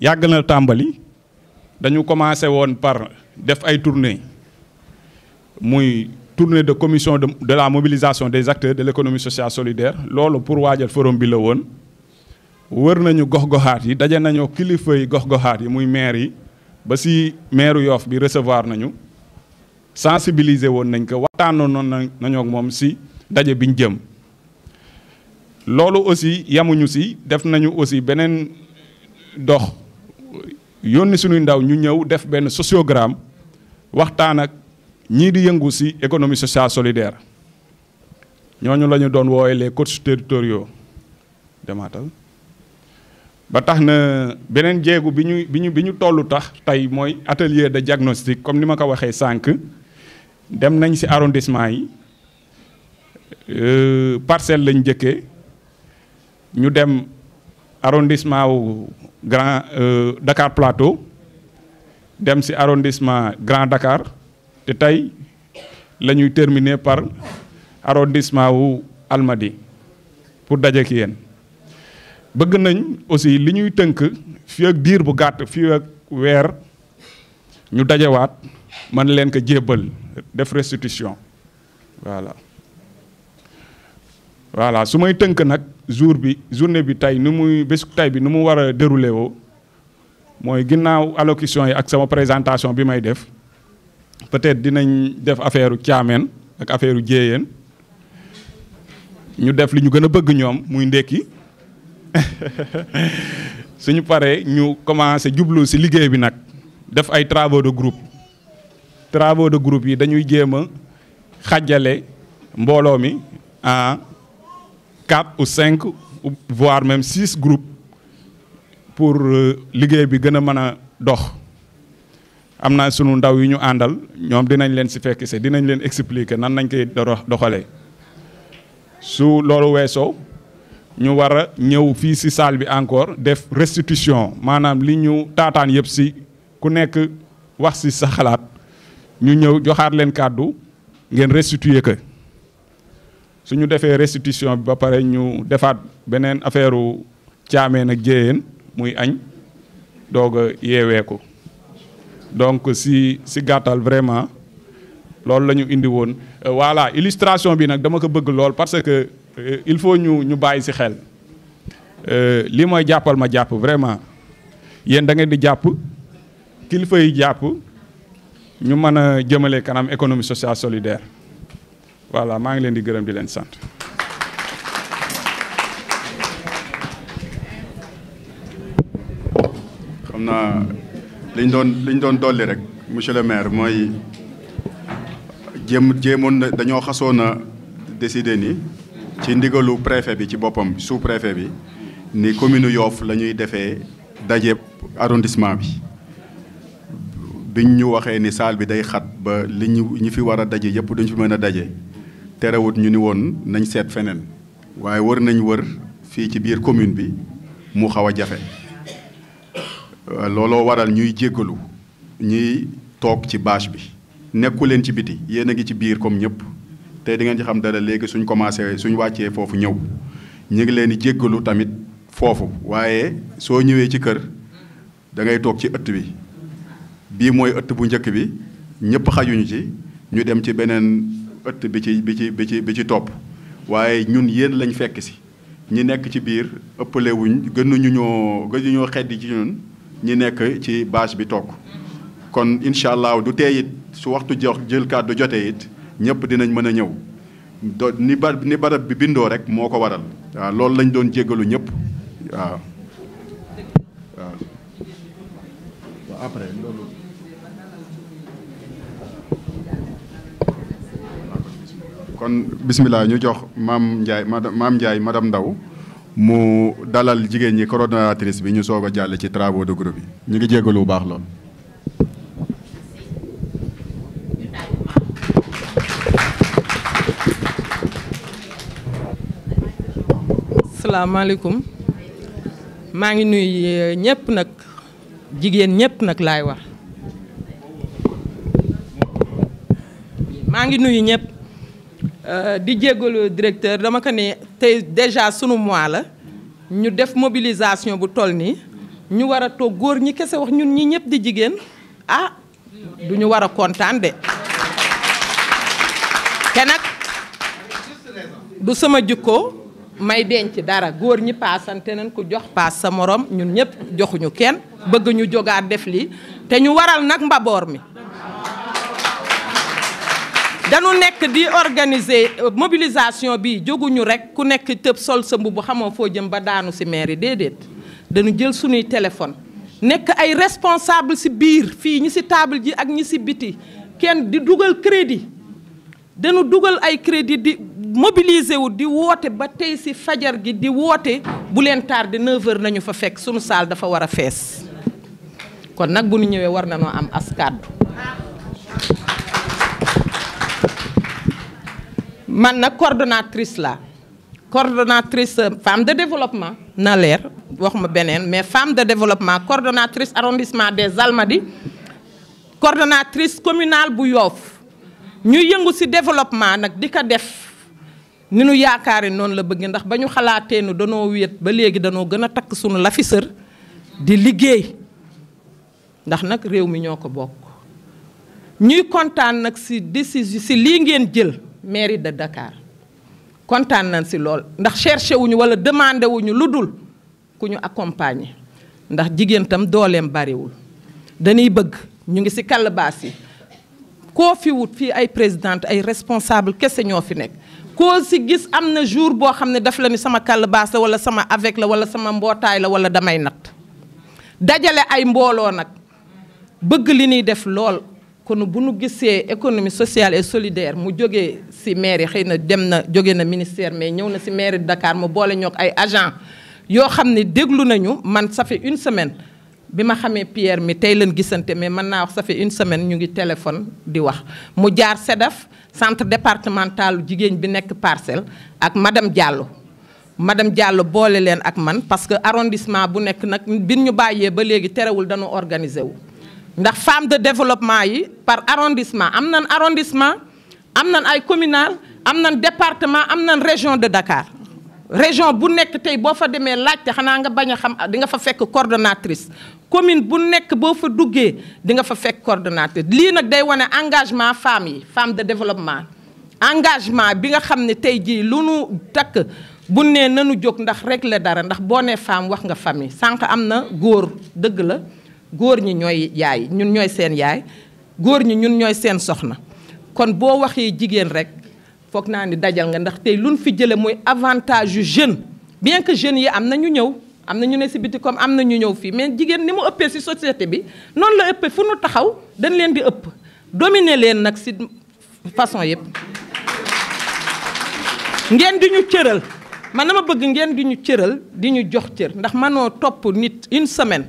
yàgg na dañu commencé par def ay tournée tournée de commission de la mobilisation des acteurs de l'économie sociale solidaire loolu pour waajal forum bi la woon wër nañu gox-goxaat yi daje nañoo kilifa yi gox yi muy maire yi ba si maire bi recevoir nañu sensibiliser woon nañ ko si loolu aussi yamuñu si def nañu aussi beneen dox yónni suñuy ndaw ñu ñëw def benn sociogramme waxtaan ak ñii di yëngu si économie sociale solidaire ñooñu la ñu doon wooye les coachs territoriaux demaatal ba tax na beneen jéegu bi ñu bi ñu bi toll tax tey mooy atelier de diagnostic comme ni ma ko waxee sànq dem nañ si arrondissement yi euh, parcelle lañ jëkkee ñu dem arrondissement wu Grand euh, Dakar Plateau dem si arrondissement Grand Dakar te tey la ñuy terminer par arrondissement wu Almadi pour daje ki yéen bëgg nañ aussi li ñuy tënk fi ak diir bu gàtt fi ak weer ñu dajewaat man leen ko jébbal def restitution voilà. voilà su may tënk nag jour bi journée bi tey ni muy bés tey bi nu mu war a déroulé woo mooy ginnaaw allocution yi ak sama présentation bi may def peut-être dinañ def affaire u caameen ak affaire u jéeyeen ñu def li ñu gën a bëgg ñoom muy ndekki suñu paree ñu commencé jublu si liggéey bi nag def ay travaux de groupe travaux de groupe yi dañuy jéem a xàjjale mbooloo mi ah 4 ou 5 voire même 6 groupes pour euh, liggéey bi gën a mën a dox am naa sunu ndaw yi ñu andal ñom dinañ leen ci fekk ci dinañ leen expliquer nan nañ koy doxalee su lolu wesso ñu wara a ñëw fii si salle bi encore def restitution manam li ñu tatane yeb ci ku nekk wax ci sa xalaat ñu ñëw joxar leen cadeau ngeen restituer que su ñu defee restitution bi ba pare ñu defaat beneen affaire u caameen ak jéyeen muy añ doog a ko donc si si gàttal vraiment loolu la ñu indi woon euh, voilà illustration bi nag dama ko bëgg lool parce que euh, il faut ñu ñu bàyyi si xel euh, li mooy jàppal ma jàpp vraiment yéen da ngeen di jàpp kilifa yi jàpp ñu mën a jëmale kanam économie sociale solidaire voilà maa ngi leen di gërëm di leen sant. xam naa liñ doon liñ doon dolli rek monsieur le maire mooy jéem jéemoon na dañoo xasoon a décider ni ci ndigalu préfet bi ci boppam sous préfet bi ni commune Yoff lañuy defee daje arrondissement bi. biñ ñu waxee ni saal bi day xat ba li ñu ñu fi war a daje yëpp dañu fi mën a daje. terewut ñu ni woon nañ seet feneen waaye wër nañ wër fii ci biir commune bi mu xaw a jafe euh, looloo waral ñuy jéggalu ñuy toog ci bâche bi nekku leen ci biti yéen a ngi ci biir comme ñëpp te di ngeen ci xam dara léegi suñ commencé suñ wàccee foofu ñëw ñu ngi leen di jéggalu tamit foofu waaye soo ñëwee ci kër dangay toog ci ëtt bi bii mooy ëtt bu njëkk bi ñëpp xajuñu ci ñu dem ci beneen ëtt bi ci bi ci bi ci bi ci topp waaye ñun yéen lañ fekk si ñi nekk ci biir ëppale wuñ gënuñu ñoo gënuñu ñoo xeddi ci ñun ñi nekk ci bâche bi toog kon incha allah du tee it su waxtu jox jël kàddu jote it ñëpp dinañ mën a ñëw do ni barab bi bindoo rek moo ko waral waaw loolu lañ doon jéggalu ñëpp waaw waaw kon bisimilah ñu jox maam Ndiaye madame maam Ndiaye Ndaw mu dalal jigéen ñi coordonnatrice bi ñu soog a jàll ci travaux de groupe yi ñu ngi jéggalu bu baax lool. asalaamaaleykum maa ngi nuyu ñëpp nag jigéen ñëpp nag laay wax maa ngi nuyu ñëpp. Euh, di jéggalu directeur dama ko ne tey déjà sunu mois la ñu def mobilisation bu toll nii ñu war a toog góor ñi kese wax ñun ñi ñëpp di jigéen ah du ñu war a kontaan de te nag du sama jikko may denc dara góor ñi paasante nañ ko jox paas sa moroom ñun ñëpp joxuñu kenn bëgg ñu jógaat def lii te ñu waral nag mbaboor mi dañu nekk di organiser euh, mobilisation bi jóguñu rekk ku nekk tëb sol sa mbubb xamoo foo jëm ba daanu si maire déedéet dañu jël suñuy téléphone nekk ay responsable si biir fii ñi si table ji ak ñi si biti kenn di dugal crédit dañu dugal ay crédit di mobiliser wu di woote ba tey si fajar gi di woote bu leen tardé 9h nañu fa fekk sunu saal dafa war a fees kon nag bu ñu ñëwee war na noo am askaddu man suis coordonnatrice la coordonnatrice euh, femme de développement na mais femme de développement coordonnatrice arrondissement des Almadies coordonnatrice communale bu Nous ñu yëngu ci développement def nu yaakaari la bëgg ndax ba ñu que nu danoo wéet ba nous avons sunu mi ñuy mairie de Dakar kontaan nañ si lool ndax cherché wuñu wala demandé wuñu lu dul ku ñu accompagner ndax jigéen tam dooleem bariwul dañuy bëgg ñu ngi si kàllbaas yi koo fi wut fii ay présidente ay responsable kese ñoo fi nekk koo si gis am na jour boo xam ne daf la ni sama kàllbaas la wala sama avec la wala sama mbootaay la wala damay natt dajale ay mbooloo nag bëgg li ñuy def lool kon bu nu gisee économie sociale et solidaire mu jógee si mairie xëy na dem na jóge na ministère mais ñëw na si mairie de Dakar mu boole ñoog ay agent yoo xam ne déglu nañu man ça fait une semaine bi ma xamee Pierre mi tey leen gisante mais mën naa wax ça fait une semaine ñu ngi téléphone di wax mu jaar SEDAF centre départemental jigéen bi nekk parcelle ak madame Diallo madame Diallo boole leen ak man parce que arrondissement bu nekk nag bin ñu bàyyee ba léegi terewul dañu organiser wu ndax femme de développement yi par arrondissement am nan arrondissement am nan ay communal am nan département am nan région de Dakar région bu nek tay bo fa demee laajte xana nga baña xam di nga fa fekk coordonnatrice commune bu nek bo fa duggee di nga fa fekk coordonnatrice li nak day wone engagement femme yi femme de développement engagement bi nga xamné tay ji lu nu tak bu né nañu jog ndax rek la dara ndax bo né femme wax nga famille sank amna na deug la góor ñi ñooy yaay ñun ñooy seen yaay góor ñi ñun ñooy seen soxna kon boo waxee jigéen rek foog naa ni dajal nga ndax tey luñ fi jële mooy avantage yu jeune bien que jeunes yi am na ñu ñëw am na ñu ne si biti comme am na ñu ñëw fii mais jigéen ni mu ëppee si société bi noonu la ëppee fu nu taxaw dañ leen di ëpp dominer leen nag si façon yëpp ngeen di ñu cëral man ma bëgg ngeen di ñu cëral di ñu jox cër ndax noo topp nit une semaine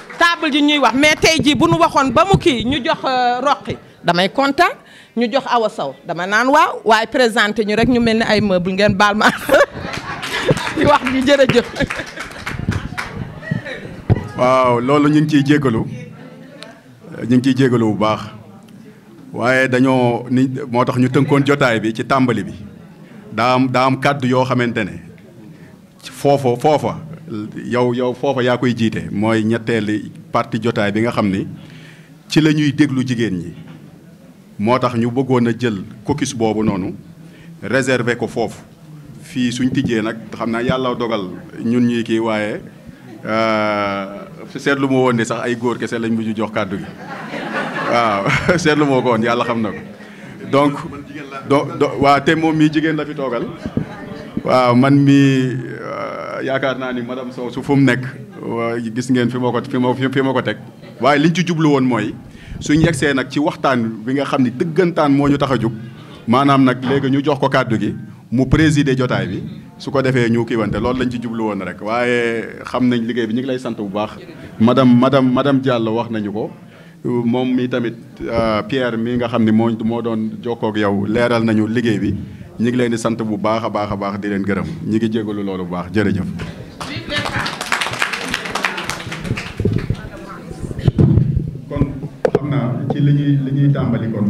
table ji ñuy wax mais tey jii bu ñu waxoon ba mu kii ñu jox euh, roqi damay kontaan ñu jox awa saw dama naan waaw waaye présenté ñu rek ñu mel ni ay meuble ngeen baal ma di wax ñu jërëjëf. waaw loolu ñu ngi ciy jégalu ñu ngi ciy jégalu bu baax waaye dañoo ni moo tax ñu tënkoon jotaay bi ci tàmbali bi daa am daa am kàddu yoo xamante ne foofa foofa. yow yow foofu yaa koy jiite mooy ñetteeli parti jotaay bi nga xam ni ci la ñuy déglu jigéen ñi moo tax ñu bëggoon a jël caucus boobu noonu réserver ko foofu fii suñ tijjee nag xam naa yàlla dogal ñun ñuy kii waaye euh, seetlu ma woon ne sax ay góor kese lañ mujj jox kàddu gi waaw seetlu moo woon yàlla xam na ko donc do do waa te moom mii jigéen la fi toogal waaw man mi euh, yaakaar naa ni madame Sow su fu mu nekk gis ngeen fi ma ko fi ma fi ma ko teg waaye liñ ci jublu woon mooy suñ yegsee nag ci waxtaan bi nga xam ni dëggantaan moo ñu tax a jub maanaam nag léegi ñu jox ko kàddu gi mu présider jotaay bi su ko defee ñu kiiwante loolu lañ ci jublu woon rek waaye xam nañ liggéey bi ñu ngi lay sant bu baax madame madame madame Diallo wax nañu ko moom mi tamit euh, Pierre mi nga xam ni moo moo doon jokkoo ak yow leeral nañu liggéey bi ñi ngi leen di sant bu baax a baax a baax di leen gërëm ñi ngi jégalu loolu bu baax jërëjëf. kon xam naa ci li ñuy li ñuy tàmbali kon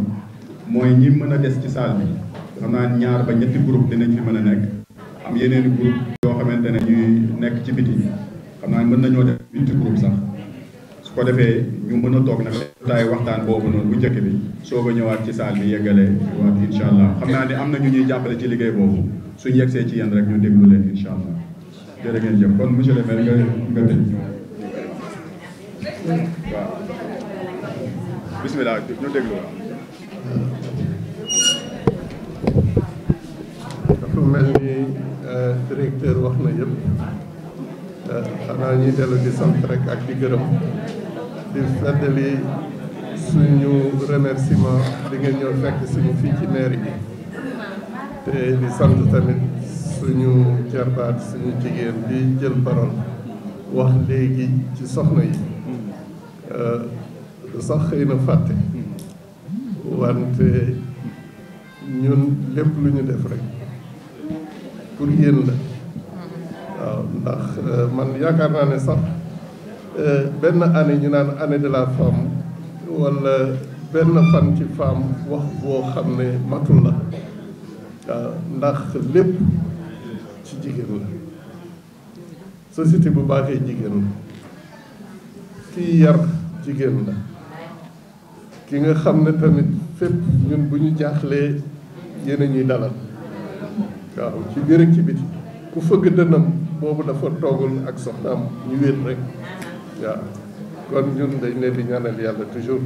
mooy ñi mën a des ci salle bi xam naa ñaar ba ñetti groupe dinañ fi mën a nekk am yeneen groupe yoo xamante ne ñuy nekk ci biti xam naa mën nañoo def huit groupe sax. su ko defee ñu mën a toog nag taay waxtaan boobu noonu bu njëkk bi soo ko ñëwaat ci saal bi yeggale waat incha allah xam naa ni am na ñu ñuy jàppale ci liggéey boobu suñu yegsee ci yéen rek ñu déglu leen incha allah jërë ngeen jëf kon monsieur le maire nga nga tëj bismillah ñu déglu dafa mel ni euh, directeur wax na yëpp euh, xanaa ñuy dellu di sant rek ak di gërëm di fàttali suñu remerciement di ngeen ñëw fekk suñu fii ci mairie bi te di sant tamit suñu jarbaat suñu jigéen bi jël parole wax léegi ci soxna yi euh, sax xëy na fàtte wante ñun lépp lu ñu def rek pour yéen la waaw ndax euh, man yaakaar naa ne sax Euh, benn année ñu naan année de la femme wala benn fan ci femme wax boo xam ne matul la waaw ndax lépp ci jigéen la société bu baaxee jigéen la kii jigéen ki nga xam ne tamit fépp ñun bu ñu jaaxlee yéen a ñuy dalal waaw ci biir ak ci biti ku fëgg dënam boobu dafa toogul ak soxnaam ñu wéet rek waaw kon ñun dañ leen di ñaanal yàlla toujours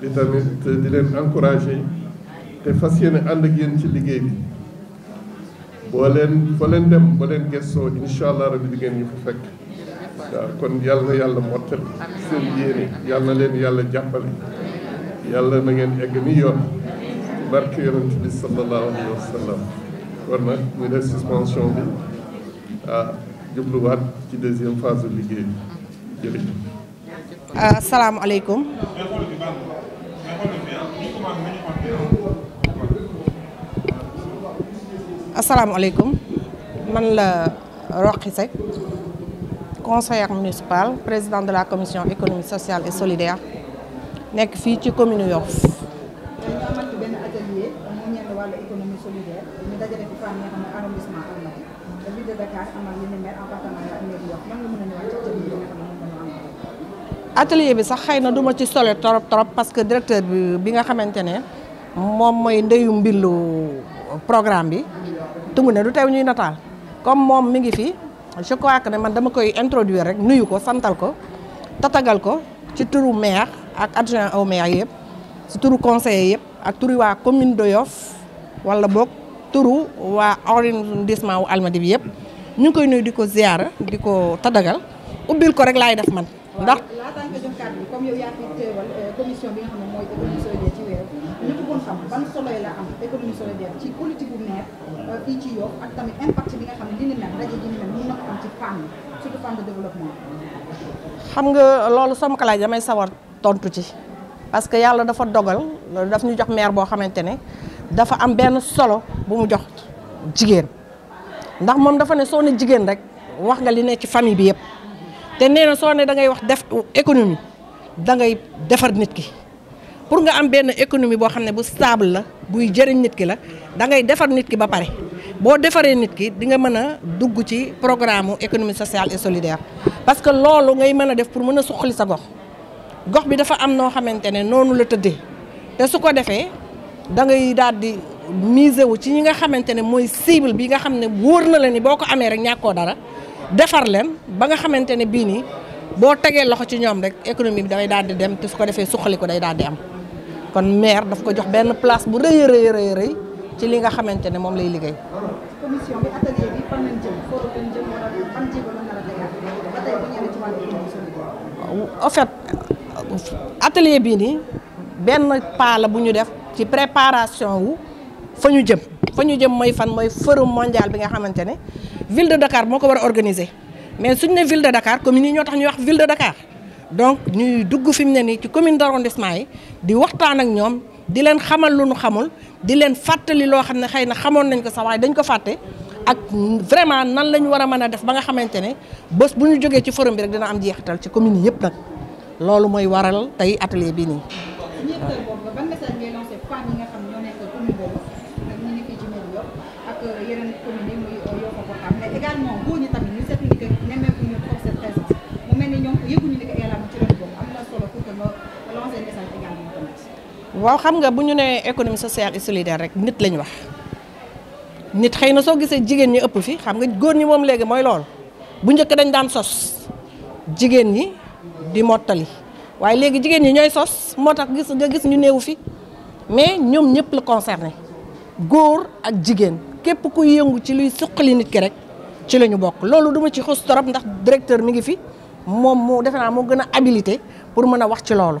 di tamit di leen encourager te fas yéene ak yéen ci liggéey bi boo leen fa leen dem ba leen gëstoo incha allah rabi di ngeen ñu fa fekk waaw kon yàlla na yàlla mottal seen yéene yàlla na leen yàlla jàppale yàlla na ngeen egg ni yoon barke yonent bi sallallahu alayhi wa kon nag ñu def suspension bi ah jubluwaat ci deuxième phase liggéey bi Euh, Salam alaikum. Salam alaikum. Je suis le conseiller municipal, président de la commission économie sociale et solidaire. Je suis ici dans commune de Yoff. Je suis un atelier pour l'économie solidaire. Je suis un atelier pour l'économie solidaire. Je suis un atelier pour l'économie solidaire. atelier bi sax xeyna duma ci sole torop torop parce que directeur bi bi nga xamantene mom moy ndeyu mbilu programme bi tungu ne du tew ñuy natal comme mom mi ngi fi je crois que ne man dama koy introduire rek nuyu ko santal ko tatagal ko ci turu maire ak adjoint au maire yëpp ci turu conseiller yëpp ak turu wa commune de Yoff wala bok turu wa arrondissement wu almadib bi ñu koy nuyu diko ziar diko tadagal ubil ko rek lay def man ndax laataa nga jox kàddu comme yow yaa fi teewal commission bi nga xam ne économie solidaire ci weer ñu bëggoon xam ban solo la am économie solidaire ci politique bu maire fii ci Yoff ak tamit impact bi nga xam ne mel ndaje gi mel mun na am ci fànn surtout fànn de développement xam nga sama damay sawar tontu ci parce que dafa dogal daf ñu jox maire dafa am solo bu mu jox jigéen ndax moom dafa ne ne rek wax nga li ne ci famille bi te nee na soo da ngay wax def économie da ngay defar nit ki pour nga am benn économie boo xam ne bu stable la buy jëriñ nit ki la dangay defar nit ki ba pare boo defaree nit ki di nga mën a dugg ci programme économie sociale et solidaire parce que loolu ngay mën a def pour mën a suqali sa gox gox bi dafa am noo xamante ne noonu la tëddee te su ko defee da ngay daal di miser wu ci ñi nga xamante ne mooy cible bi nga xam ne wóor na la ni boo ko amee rek ñàkkoo dara defar leen ba nga xamante ne bii nii boo tegee loxo ci ñoom rek économie bi dafay daal di dem te su ko defee ko day daal di am kon maire daf ko jox benn place bu rëy rëy rëy rëy ci li nga xamante ne moom lay liggéey. commission bi atelier bii nii benn pas bu ñu def ci préparation wu fa ñu jëm. fa ñu jëm mooy fan mooy forum mondial bi nga xamante ne ville de Dakar moo ko war a organiser mais suñ ne ville de Dakar commune yi ñoo tax ñu wax ville de Dakar donc ñuy dugg fi ne nii ci commune d' arrondissement yi di waxtaan ak ñoom di leen xamal lu nu xamul di leen fàttali loo xam ne xëy na xamoon nañ ko sax waaye dañ ko fàtte ak vraiment nan la ñu war a mën a def ba nga xamante ne bés bu ñu jógee ci forum bi rek dina am jeexital ci commune yi yëpp nag loolu mooy waral tey atelier bii nii. waaw xam nga bu ñu nee économie sociale et solidaire rek nit lañ wax nit xeyna so gisee ñi ëpp fi xam nga goor ñi moom léegi mooy lool bu dañ daan sos jigen ñi di mottali waaye léegi jigen ñi ñooy sos moo tax gis nga gis ñu néewu fi mais ñoom ñëpp la concerné góor ak jigen képp ku yëngu ci luy suqali nit ki rek ci lañu bokk loolu duma ci xus torop ndax directeur mi ngi fi moom moo defe naa moo gën a habilité pour mën a wax ci loolu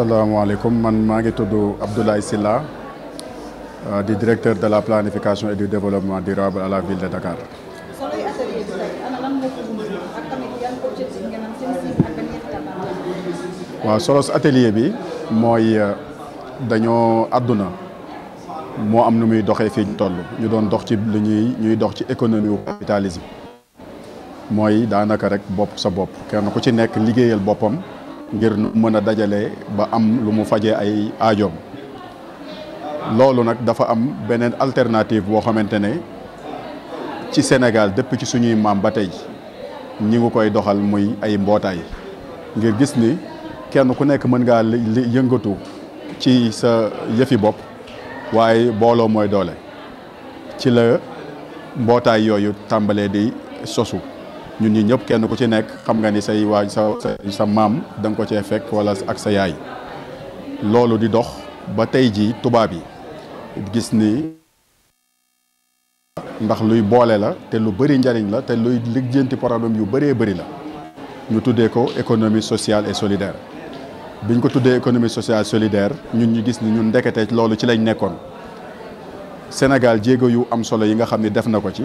asalaamaaleykum man maa ngi tudd Abdoulaye Sylla euh, di directeur de la planification et développement durable à la ville de Dakar. waaw solos atelier bi mooy euh, dañoo àdduna moo am nu muy doxee fii toll ñu doon dox ci lu ñuy dox ci économie wu capitalisme mooy daanaka rek bopp sa bopp kenn ku ci nekk liggéeyal boppam. ngir mën a dajale ba am lu mu fajee ay aajoom loolu nag dafa am beneen alternative boo xamante ne ci Sénégal depuis ci suñuy maam ba tey ñu ngi koy doxal muy ay mbootaay ngir gis ni kenn ku nekk mën ngaa li yëngatu ci sa yëfi bopp waaye booloo mooy doole ci la mbootaay yooyu tàmbalee di sosu ñun ñi ñëpp kenn ku ci nekk xam nga ni say waaj sa sa maam da nga ko cee fekk wala ak sa yaay loolu di dox ba tey ji tubaab yi gis ni ndax luy boole la te lu bëri njariñ la te luy lijjanti problème yu bëree bari la ñu tuddee ko économie sociale et solidaire biñ ko tuddee économie sociale solidaire ñun ñu gis ni ñun ndekete loolu ci lañ nekkoon Sénégal jéego yu am solo yi nga xam ne def na ko ci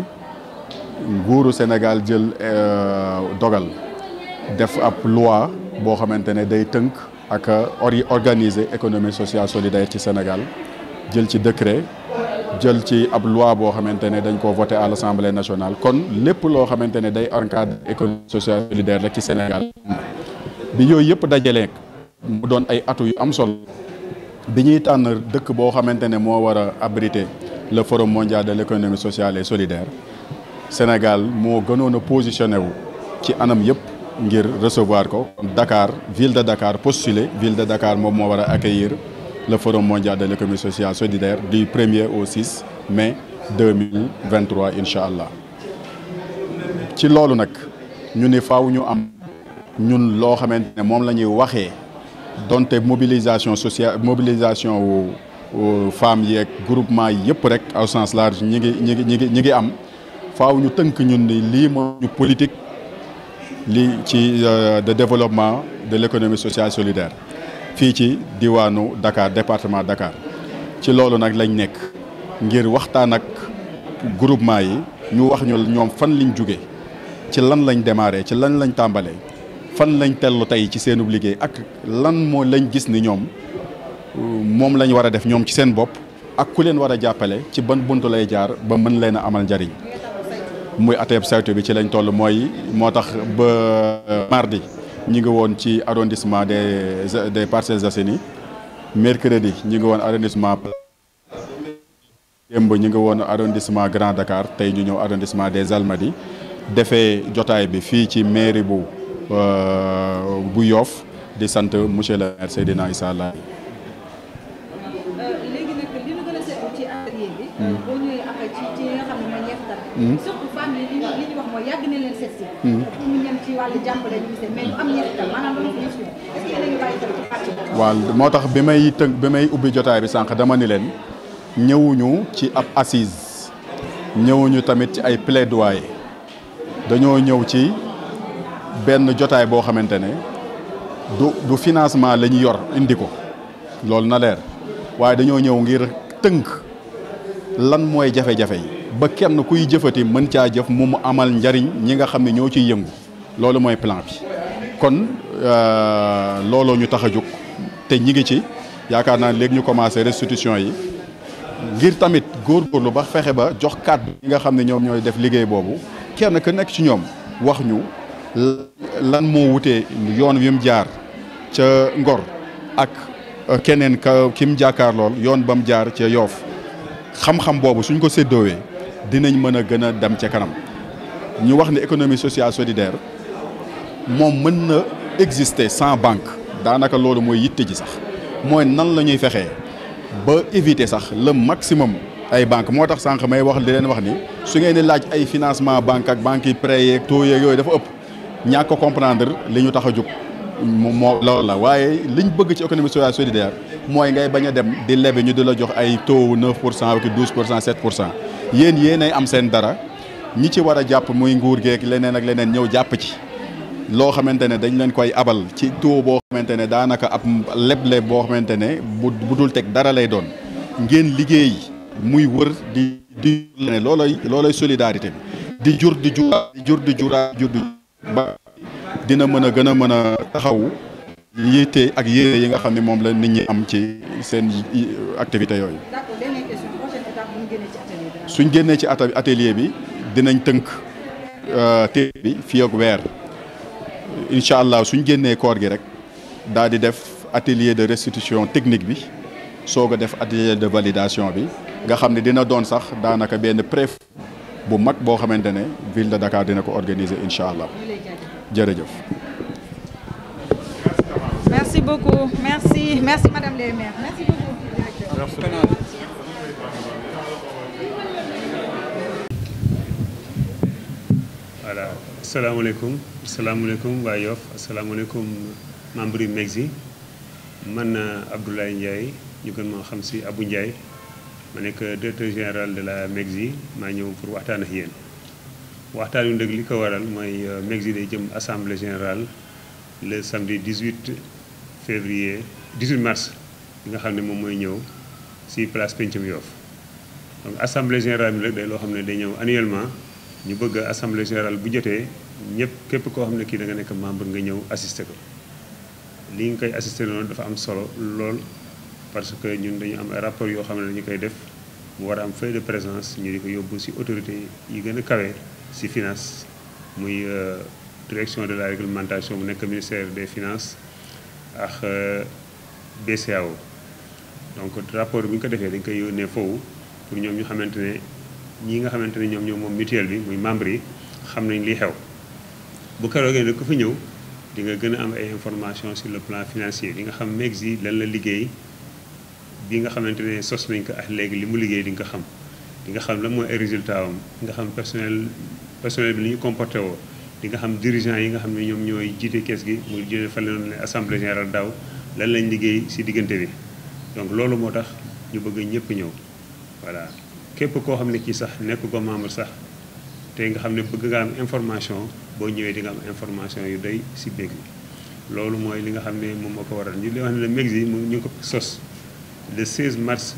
nguuru Sénégal jël euh, dogal def ab loi bo xamantene day teunk ak organiser économie sociale solidaire ci Sénégal jël ci décret jël ci ab loi bo xamantene dañ ko voter à l'Assemblée nationale kon lepp lo xamantene day encadre économie sociale solidaire ci Sénégal bi yoy yep dajaleek mu don ay atu yu am solo bi ñuy tànn dëkk bo xamantene mo wara abriter le forum mondial de l'économie sociale et solidaire Sénégal moo gënoon a positionné a ci anam recevoir Dakar ville de Dakar postulé ville de Dakar moom va accueillir le forum mondial de l'économie sociale solidaire du 1er au 6 mai 2023 Inch'Allah Ce ci nous nous ñu nous faaw ñu am ñun loo xamante ne moom la ñuy mobilisation sociale mobilisation wu femmes et groupement yëpp rek au sens large ñi faaw ñu tenir ñun ni politique euh, de développement de l'économie sociale solidaire fi ci diwanu Dakar département Dakar ci lolu nak lañ nekk ngir waxtaan ak groupement yi ñu wax fan liñ ci lan lañ démarré ci lan lañ tambalé fan lañ ci ak lañ gis ni euh, lañ def ci seen ak ku a ci ban buntu lay jaar ba muy ateeb saytu bi ci lañ toll mooy moo tax ba euh, mardi ñi ngi woon ci arrondissement des des Parcelles Assainies mercredi ñi ngi woon arrondissement démb ñi ngi woon arrondissement Grand Dakar tey ñu ñëw arrondissement des Almadies defee jotaay bi fii ci mairie bu euh, bu Yoff di sant monsieur le maire Seydina Issa waaw moo tax bi may tënk bi may ubbi jotaay bi sànq dama ni leen ñëwuñu ci ab assise ñëwuñu tamit ci ay plaidoyer dañoo ñëw ci benn jotaay boo xamante ne du du financement la yor indi ko loolu na leer waaye dañoo ñëw ngir tënk lan mooy jafe-jafe yi ba kenn kuy jëfati mën caa jëf mu mu amal njariñ ñi nga xam ne ñoo ci yëngu loolu mooy plan bi kon euh, looloo ñu tax a jóg te ñi ngi ci yaakaar naa léegi ñu commencé restitution yi ngir tamit góorgóorlu ba fexe ba jox kàddu ñi nga xam ne ñoom ñooy def liggéey boobu kenn ku nekk ci ñoom wax ñu lan moo wutee yoon wi mu jaar ca Ngor ak euh, keneen ka ki mu jàkkaar lool yoon ba mu jaar ca Yoof xam-xam boobu suñ ko séddoowee dinañ mën a gën a dem ca kanam ñu wax ni économie sociale solidaire moom mën na exister sans banque daanaka loolu mooy yitte ji sax mooy nan la ñuy fexee ba éviter sax le maximum ay banque moo tax sànq may wax di leen wax ni su ngeen di laaj ay financement banque ak banque yi prêt yeeg taux yeeg yooyu dafa ëpp ñàkk ko li ñu tax a jóg moo loolu la waaye liñ bëgg ci économie sociale solidaire mooy ngay bañ a dem di lebi ñu di la jox ay taux 9 pour cent ak pour cent 7 pour cent yéen yéenay am seen dara ñi ci war a jàpp muy nguur geeg leneen ak leneen ñëw jàpp ci loo xamante ne dañ leen koy abal ci taux boo xamante ne daanaka ab leble boo xamante ne bu bu dul teg dara lay doon ngeen liggéey muy wër di di ne loolooy solidarité bi di jur di jur jur di jura jur di ba dina mën a gën a mën a taxaw yitte ak yéene yi nga xam ni moom la nit ñi am ci seen activité yooyu suñu génné ci atelier bi dinañ tënk euh, téere bi fii ak weer incha allah suñ koor gi rek daal def atelier de restitution technique bi soga def atelier de validation bi nga xamné dina doon sax danaka ben préf bu mag bo xamante ville de Dakar dina ko organiser inshallah allah jërëjëf. merci beaucoup merci merci madame le maire merci beaucoup. voilà asalaamaaleykum asalaamaaleykum waa Yoff asalaamaaleykum membre yu MEGSI man euh, Abdoulaye Ndiaye ñu gën moo xam si abu Ndiaye ma nekk directeur général de la MEGSI maa ñëw pour waxtaan ak yéen waxtaan yu ndëg li ko waral mooy euh, MEGSI day jëm assemblée générale le samedi 18 février 18 mars bi nga xam ne moom mooy ñëw si place Pencum Yoff donc assemblée générale bi nag day loo xam ne day ñëw annuellement ñu bëgg assemblée générale bu jotee ñëpp képp koo xam ne kii da nga nekk membre nga ñëw assister ko li nga koy assister noonu dafa am solo lool parce que ñun dañu am rapport yoo xam ne dañu koy def mu war a am feuille de présence ñu di ko yóbbu si autorité yi gën a kawe si finance muy euh, direction de la réglementation mu nekk ministère des finances ak euh, BCAO donc rapport bi ñu ko defee dañ koy yónnee foofu pour ñoom ñu xamante ne ñi nga xamante ne ñoom ñoom moom mutuelle bi muy membre yi xam nañ li xew bu keroogee nag ku fi ñëw di nga gën a am ay information sur le plan financier di nga xam MEX yi lan la liggéey bi nga xamante ne sos nañ ko ak léegi li mu liggéey di nga xam di nga xam lan mooy ay résultat am di nga xam personnel personnel bi li ñu comporté woo di nga xam dirigeant yi nga xam ne ñoom ñooy jiite kees gi mu jëlee fa leen ne assemblée générale daaw lan lañ liggéey si diggante bi donc loolu moo tax ñu bëgg ñëpp ñëw voilà képp koo xam ne kii sax nekk ko membre sax te nga xam ne bëgg nga am information boo ñëwee dinga am information yu doy si beeg loolu mooy li nga xam ne moom moo ko waral ñu li wax ne le MEGSI ñu ko sos le 16 mars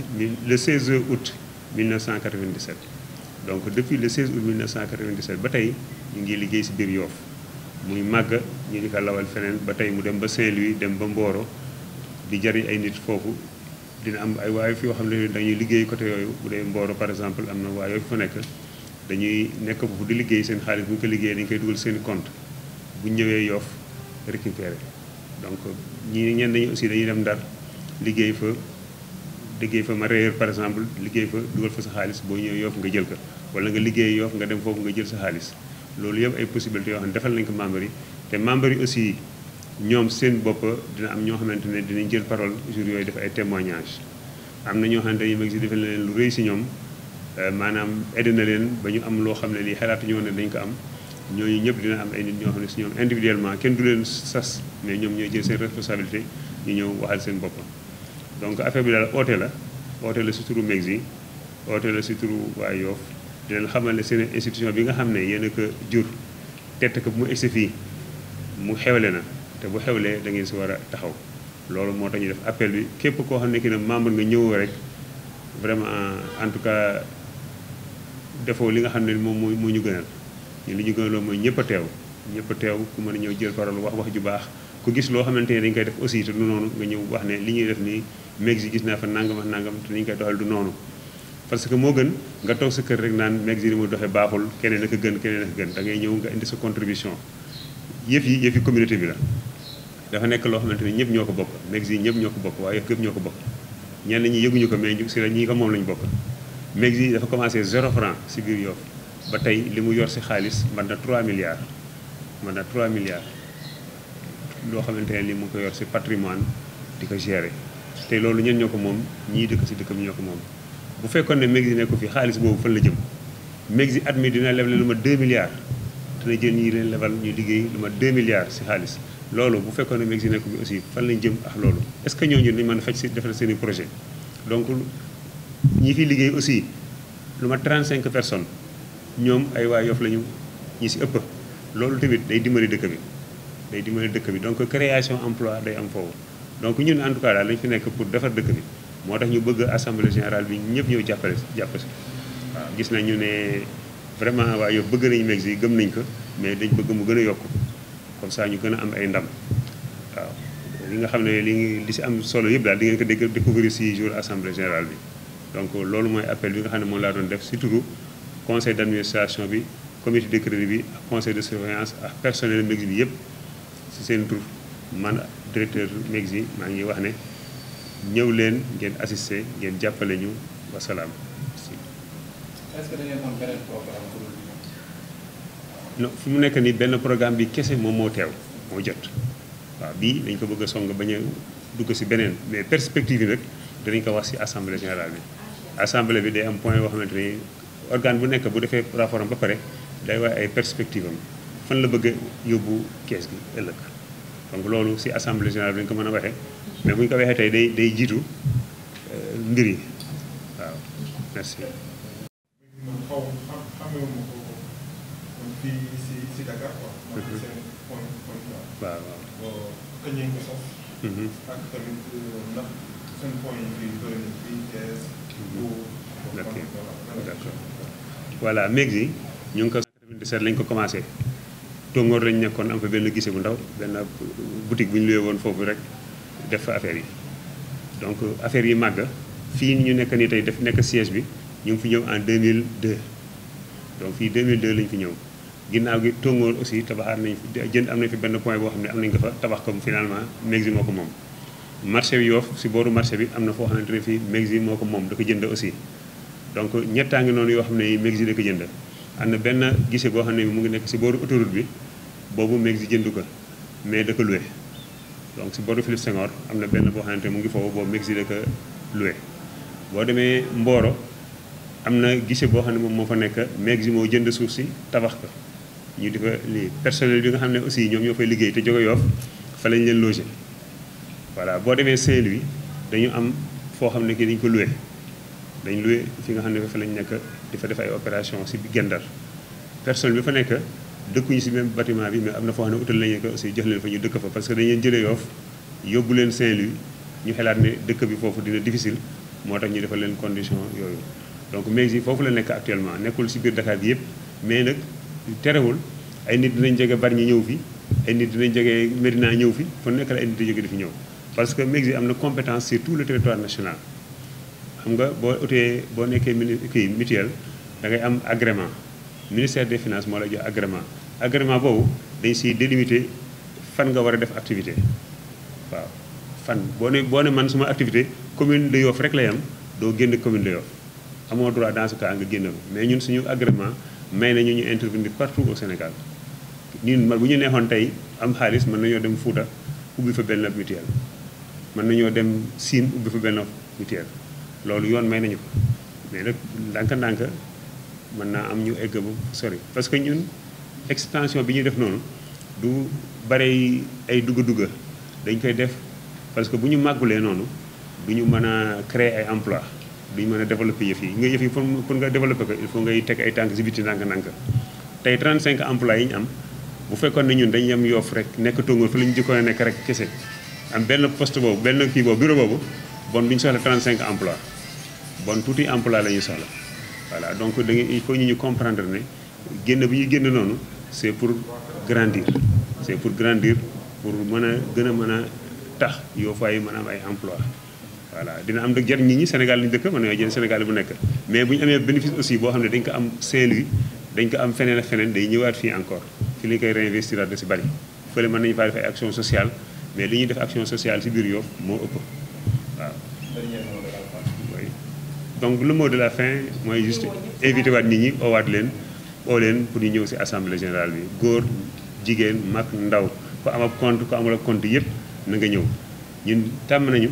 le 16 août 1997 donc depuis le 16 août 1997 ba tey ñu ngi liggéey si biir Yoff muy màgg ñu ngi ko lawal feneen ba tey mu dem ba Saint-Louis dem ba mbooro di jari ay nit foofu dina am ay waaye fi yoo xam ne dañuy liggéey côté yooyu bu dee Mboro par exemple am na waaye yooyu fa nekk dañuy nekk foofu di liggéey seen xaalis bu ñu ko liggéeyee dañu koy dugal seen compte bu ñu ñëwee Yoff récupéré donc ñi ñenn ñi aussi dañuy dem Ndar liggéey fa liggéey fa ma réer par exemple liggéey fa dugal fa sa xaalis boo ñëwee Yoff nga jël ko wala nga liggéey Yoff nga dem foofu nga jël sa xaalis loolu yëpp ay possibilités yoo xam ne defal nañ ko membre yi te membre yi aussi ñoom seen bopp dina am ñoo xamante ne dinañ jël parole jour yooyu def ay témoignages am na ñoo xamante ne mag si defal na leen lu rëy si ñoom euh, maanaam aidé na leen ba ñu am loo xam ne lii xalaatuñu woon ne dañ ko am ñooñu ñëpp dina am ay nit ñoo xam ne si ñoom individuellement kenn du leen sas mais ñoom ñooy jël seen responsabilité ñu ñëw waxal seen boppa donc affaire bi daal oote la oote la si turu Megsi oote la si turu waa Yoff di leen xamal ne seen institution bi nga xam ne yéen a jur tett ko mu egsi fii mu xewle na te bu xewlee da ngeen si war a taxaw loolu moo tax ñu def appel bi képp koo xam ne ki ne membre nga ñëwoo rek vraiment en tout cas defoo li nga xam ne moom mooy moo ñu gënal ñu li ñu gënaloo mooy ñëpp teew ñëpp a teew ku mën a ñëw jël parole wax wax ju baax ku gis loo xamante ne dañu koy def aussi te du noonu nga ñëw wax ne li ñuy def nii meeg si gis naa fa nangam ak nangam te dañu koy doxal du noonu parce que moo gën nga toog sa kër rek naan meeg si ni mu baaxul keneen naka gën keneen naka da ngay ñëw nga indi sa contribution yëf yi yëf yi bi la dafa nekk loo xamante ni ñëpp ñoo ko bokk magazine ñëpp ñoo ko bokk waaye yëpp ñoo ko bokk ñenn ñi yëguñu ko mais ñu si la ñi ko moom lañu bokk magazine dafa commencé 0 franc si biir yoo ba tey li mu yor si xaalis mën na 3 milliards mën na 3 milliards loo xamante ne li mu ko yor si patrimoine di ko gérer te loolu ñen ñoo ko moom ñii dëkk si dëkkam ñoo ko moom bu fekkoon ne magazine nekku fi xaalis boobu fan la jëm magazine at mi dina leble lu ma 2 milliards dina jël ñi leen lebal ñu liggéey lu ma 2 milliards si xaalis loolu bu fekkoon ne médecine nekk bi aussi fan lañ jëm ak loolu est-ce que ñooñu ni mën a faj si defal seen projet donc ñi fi liggéey aussi lu ma cinq personnes ñoom ay waa Yoff lañu ñi si ëpp loolu tamit day dimbali dëkk bi day dimbali dëkk bi donc création emploi day am foofu donc ñun en tout cas daal lañ fi nekk pour defar dëkk bi moo tax ñu bëgg assemblée général bi ñëpp ñëw jàppale jàpp si waaw gis nañu ne vraiment waa Yoff bëgg nañu meeg si gëm nañ ko mais dañ bëgg mu gën a yokk comme ça ñu gën a am ay ndam waaw li nga xam ne li ngi li si am solo yëpp daal di ngeen ko dégg découvrir si jour assemblée générale bi donc loolu mooy appel bi nga xam ne moom laa doon def si turu conseil d' administration bi comité de crédit bi ak conseil de surveillance ak personnel MEGS bi yëpp si seen tur man directeur MEGS yi maa ngi wax ne ñëw leen ngeen assister ngeen jàppale ñu wasalaam. est-ce que da ngeen am beneen programme no fi mu nekk ni benn programme bi kese moom moo teew moo jot waaw bii dañ ko bëgg a song bañ a dugg si beneen mais perspective yi nag danañ ko wax si assemblée générale bi assemblée bi day am point yoo xamante ni organe bu nekk bu defee rapport am ba pare day wax ay perspective fan la bëgg a kees gi ëllëg donc loolu si assemblée générale bi dañ ko mën a waxee mais mu ñu ko waxee tey day day jiitu euh, mbir yi waaw merci si si si waaw waaw kañ lañ ko sos. yi fii lañ ko commencé. tóngoor lañ nekkoon am fa benn gise bu ndaw benn boutique bu ñu luwee woon foofu rek def fa affaire yi donc affaire yi màgg fii ñu nekk nii tey daf nekk siège bi ñu ngi fi ñëw en mille 2002 donc fii 2002 lañ fi ñëw. ginnaaw gi Tongoor aussi tabaxaat nañ jënd am na fi benn point boo xam ne am nañ ko fa tabax ko finalement Megsi moo ko moom marché bi Yoff si booru marché bi am na foo xamante ne fii Megsi moo ko moom da ko aussi donc ñettaa ngi yoo xam ne Megsi da jënd am na benn gise boo xam ne mu ngi nekk si booru autoroute bi boobu Megsi jënd ko mais da donc si booru Philippe Senghor am na benn boo xamante mu ngi foofu boobu Megsi da ko loué boo demee Mboro am na gise boo xam ne moom moo fa nekk Megsi moo jënd suuf si tabax ko ñu di ko lii personnel bi nga xam ne aussi ñoom ñoo fay liggéey te jóge Yoff fa lañ leen loger voilà boo demee Saint-Louis dañu am foo xam ne kii dañ ko loué dañ loué fi nga xam ne fa lañu nekk di fa def ay opération si bi gendar personnel bi fa nekk dëkk dëkkuñu si même bâtiment bi mais am na foo xam ne utal lañu ko aussi jox leen fa ñu dëkk fa parce que dañ leen jëlee Yoff yóbbu leen Saint-Louis ñu xelaat ne dëkk bi foofu dina difficile moo tax ñu defal leen condition yooyu donc mais yi foofu la nekk actuellement nekkul si biir Dakar yëpp mais nag terewul ay nit dinañ jóge bari ñi ñëw fi ay nit dinañ jóge Médina ñëw fi fu nekka la ay nit di jóge di fi ñëw parce que MEGSI am na compétence sur tout le territoire national xam nga boo utee boo nekkee mini kii mutuelle da ngay am agrément ministère des finances moo lay jox agrément agrément boobu dañ siy délimité fan nga war a def activité waaw fan boo ne boo ne man suma activité commune de Yoff rek lay am doo génn commune de Yoff amoo droit dans ce cas nga génn ko mais ñun suñu agrément may nañu ñu intervenir partout au Sénégal ñun man bu ñu neexoon tey am xaalis mën nañoo dem Fouta ubbi fa benn mutuelle mën nañoo dem Sine ubbi fa benn mutuelle loolu yoon may nañu ko mais nag ndànk-ndànk mën naa am ñu egg bu sori parce que ñun extension bi ñuy def noonu du bare ay dugga-dugga dañ koy def parce que bu ñu màggulee noonu bu ñu mën a créer ay emploi duñ mën a développer yëf yi nga yëf yi pour nga développer ko il faut ngay teg ay tànk si biti ndànk ndànk tey 35 emplois yi ñu am bu fekkoon ne ñun dañ yem yoof rek nekk tóngoor fa la ñu jëkkoon nekk rek kese am benn poste boobu benn kii boobu bureau boobu bon duñ soxla 35 emplois bon tuuti emploi la ñuy soxla voilà donc da il faut ñu ñu comprendre ne génn bi ñuy génn noonu c'est pour grandir c'est pour grandir pour mën a gën a mën a tax yoo fay mën a am ay emploi voilà dina am nag jariñ nit ñi Sénégal lañu dëkk mën nañoo jël Sénégal bu nekk mais bu ñu amee bénéfice aussi boo xam ne dañ ko am saint dañ ko am feneen ak feneen day ñëwaat fii encore fii lañu koy réinvestir da si bari fële mën nañu faa def ay action sociale mais li ñuy def action sociale si biir Yoff moo ëpp waaw donc le mot de la fin mooy juste invité waat nit ñi oowaat leen oo leen pour ñu ñëw si assemblée générale bi góor jigéen mag ndaw ku am ab compte ku amul compte yëpp na nga ñëw ñun tàmm nañu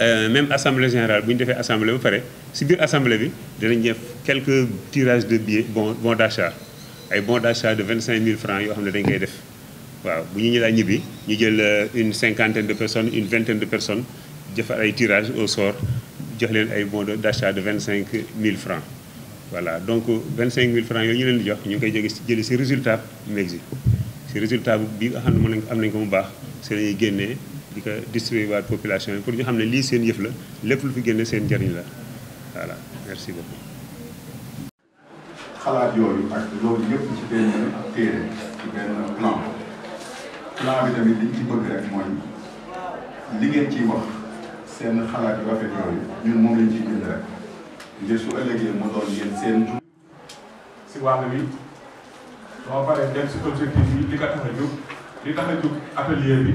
Euh, même assemblée générale bu ñu assemblée bu pare si biir assemblée bi danañ def quelques tirages de billets bon bon d'achat, ay bon d'achat de 25000 francs yo xamné dañ koy def waaw bu ñu la ñibi ñu jël euh, une cinquantaine de personnes une vingtaine de personnes defar ay tirages au sort jox leen ay bon d'achat de 25000 francs voilà donc 25000 francs yo ñu leen jox ñu ngi koy jóge ci jëlee ci résultat MEGS ci résultat bi nga am nañ ko mu baax lañuy di ko distribuer waat population pour ñu xam ne lii seen yëf la lépp lu fi génne seen njëriñ la voilà merci beaucoup. xalaat yooyu ak loolu yëpp ci benn téere ci benn plan plan bi tamit liñ ci bëgg rek mooy li ngeen ciy wax seen xalaat yu rafet yooyu ñun moom lañ ciy bind rek ngir su ëllëgee mu doon yéen seen ju si wàll wi soo paree dem si objectif yi li ko tax a jóg li tax a jóg atelier bi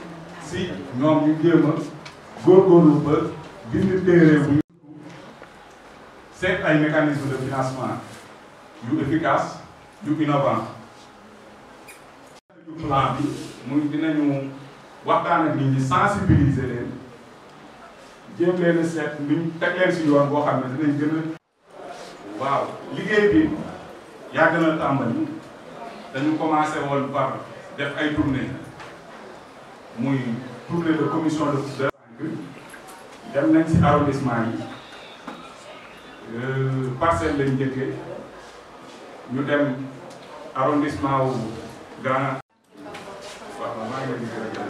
si ñoom ñu jéem a góorgóorlu ba bind téere bu ñu seet ay de financement yu efficace yu innovant yu plan bi muy dinañu waxtaan ak nit ñi sensibiliser leen jéem leen seet nuñ teg leen si yoon boo xam ne dinañ gën a waaw liggéey bi yàgg na tàmbali dañu commencé woon par def ay tournée muy trouvé de commission de cinq dem nañ si arrondissement yi euh, parcelle lañ njëkkee ñu dem arrondissement wu Grand waaw maa ngi leen di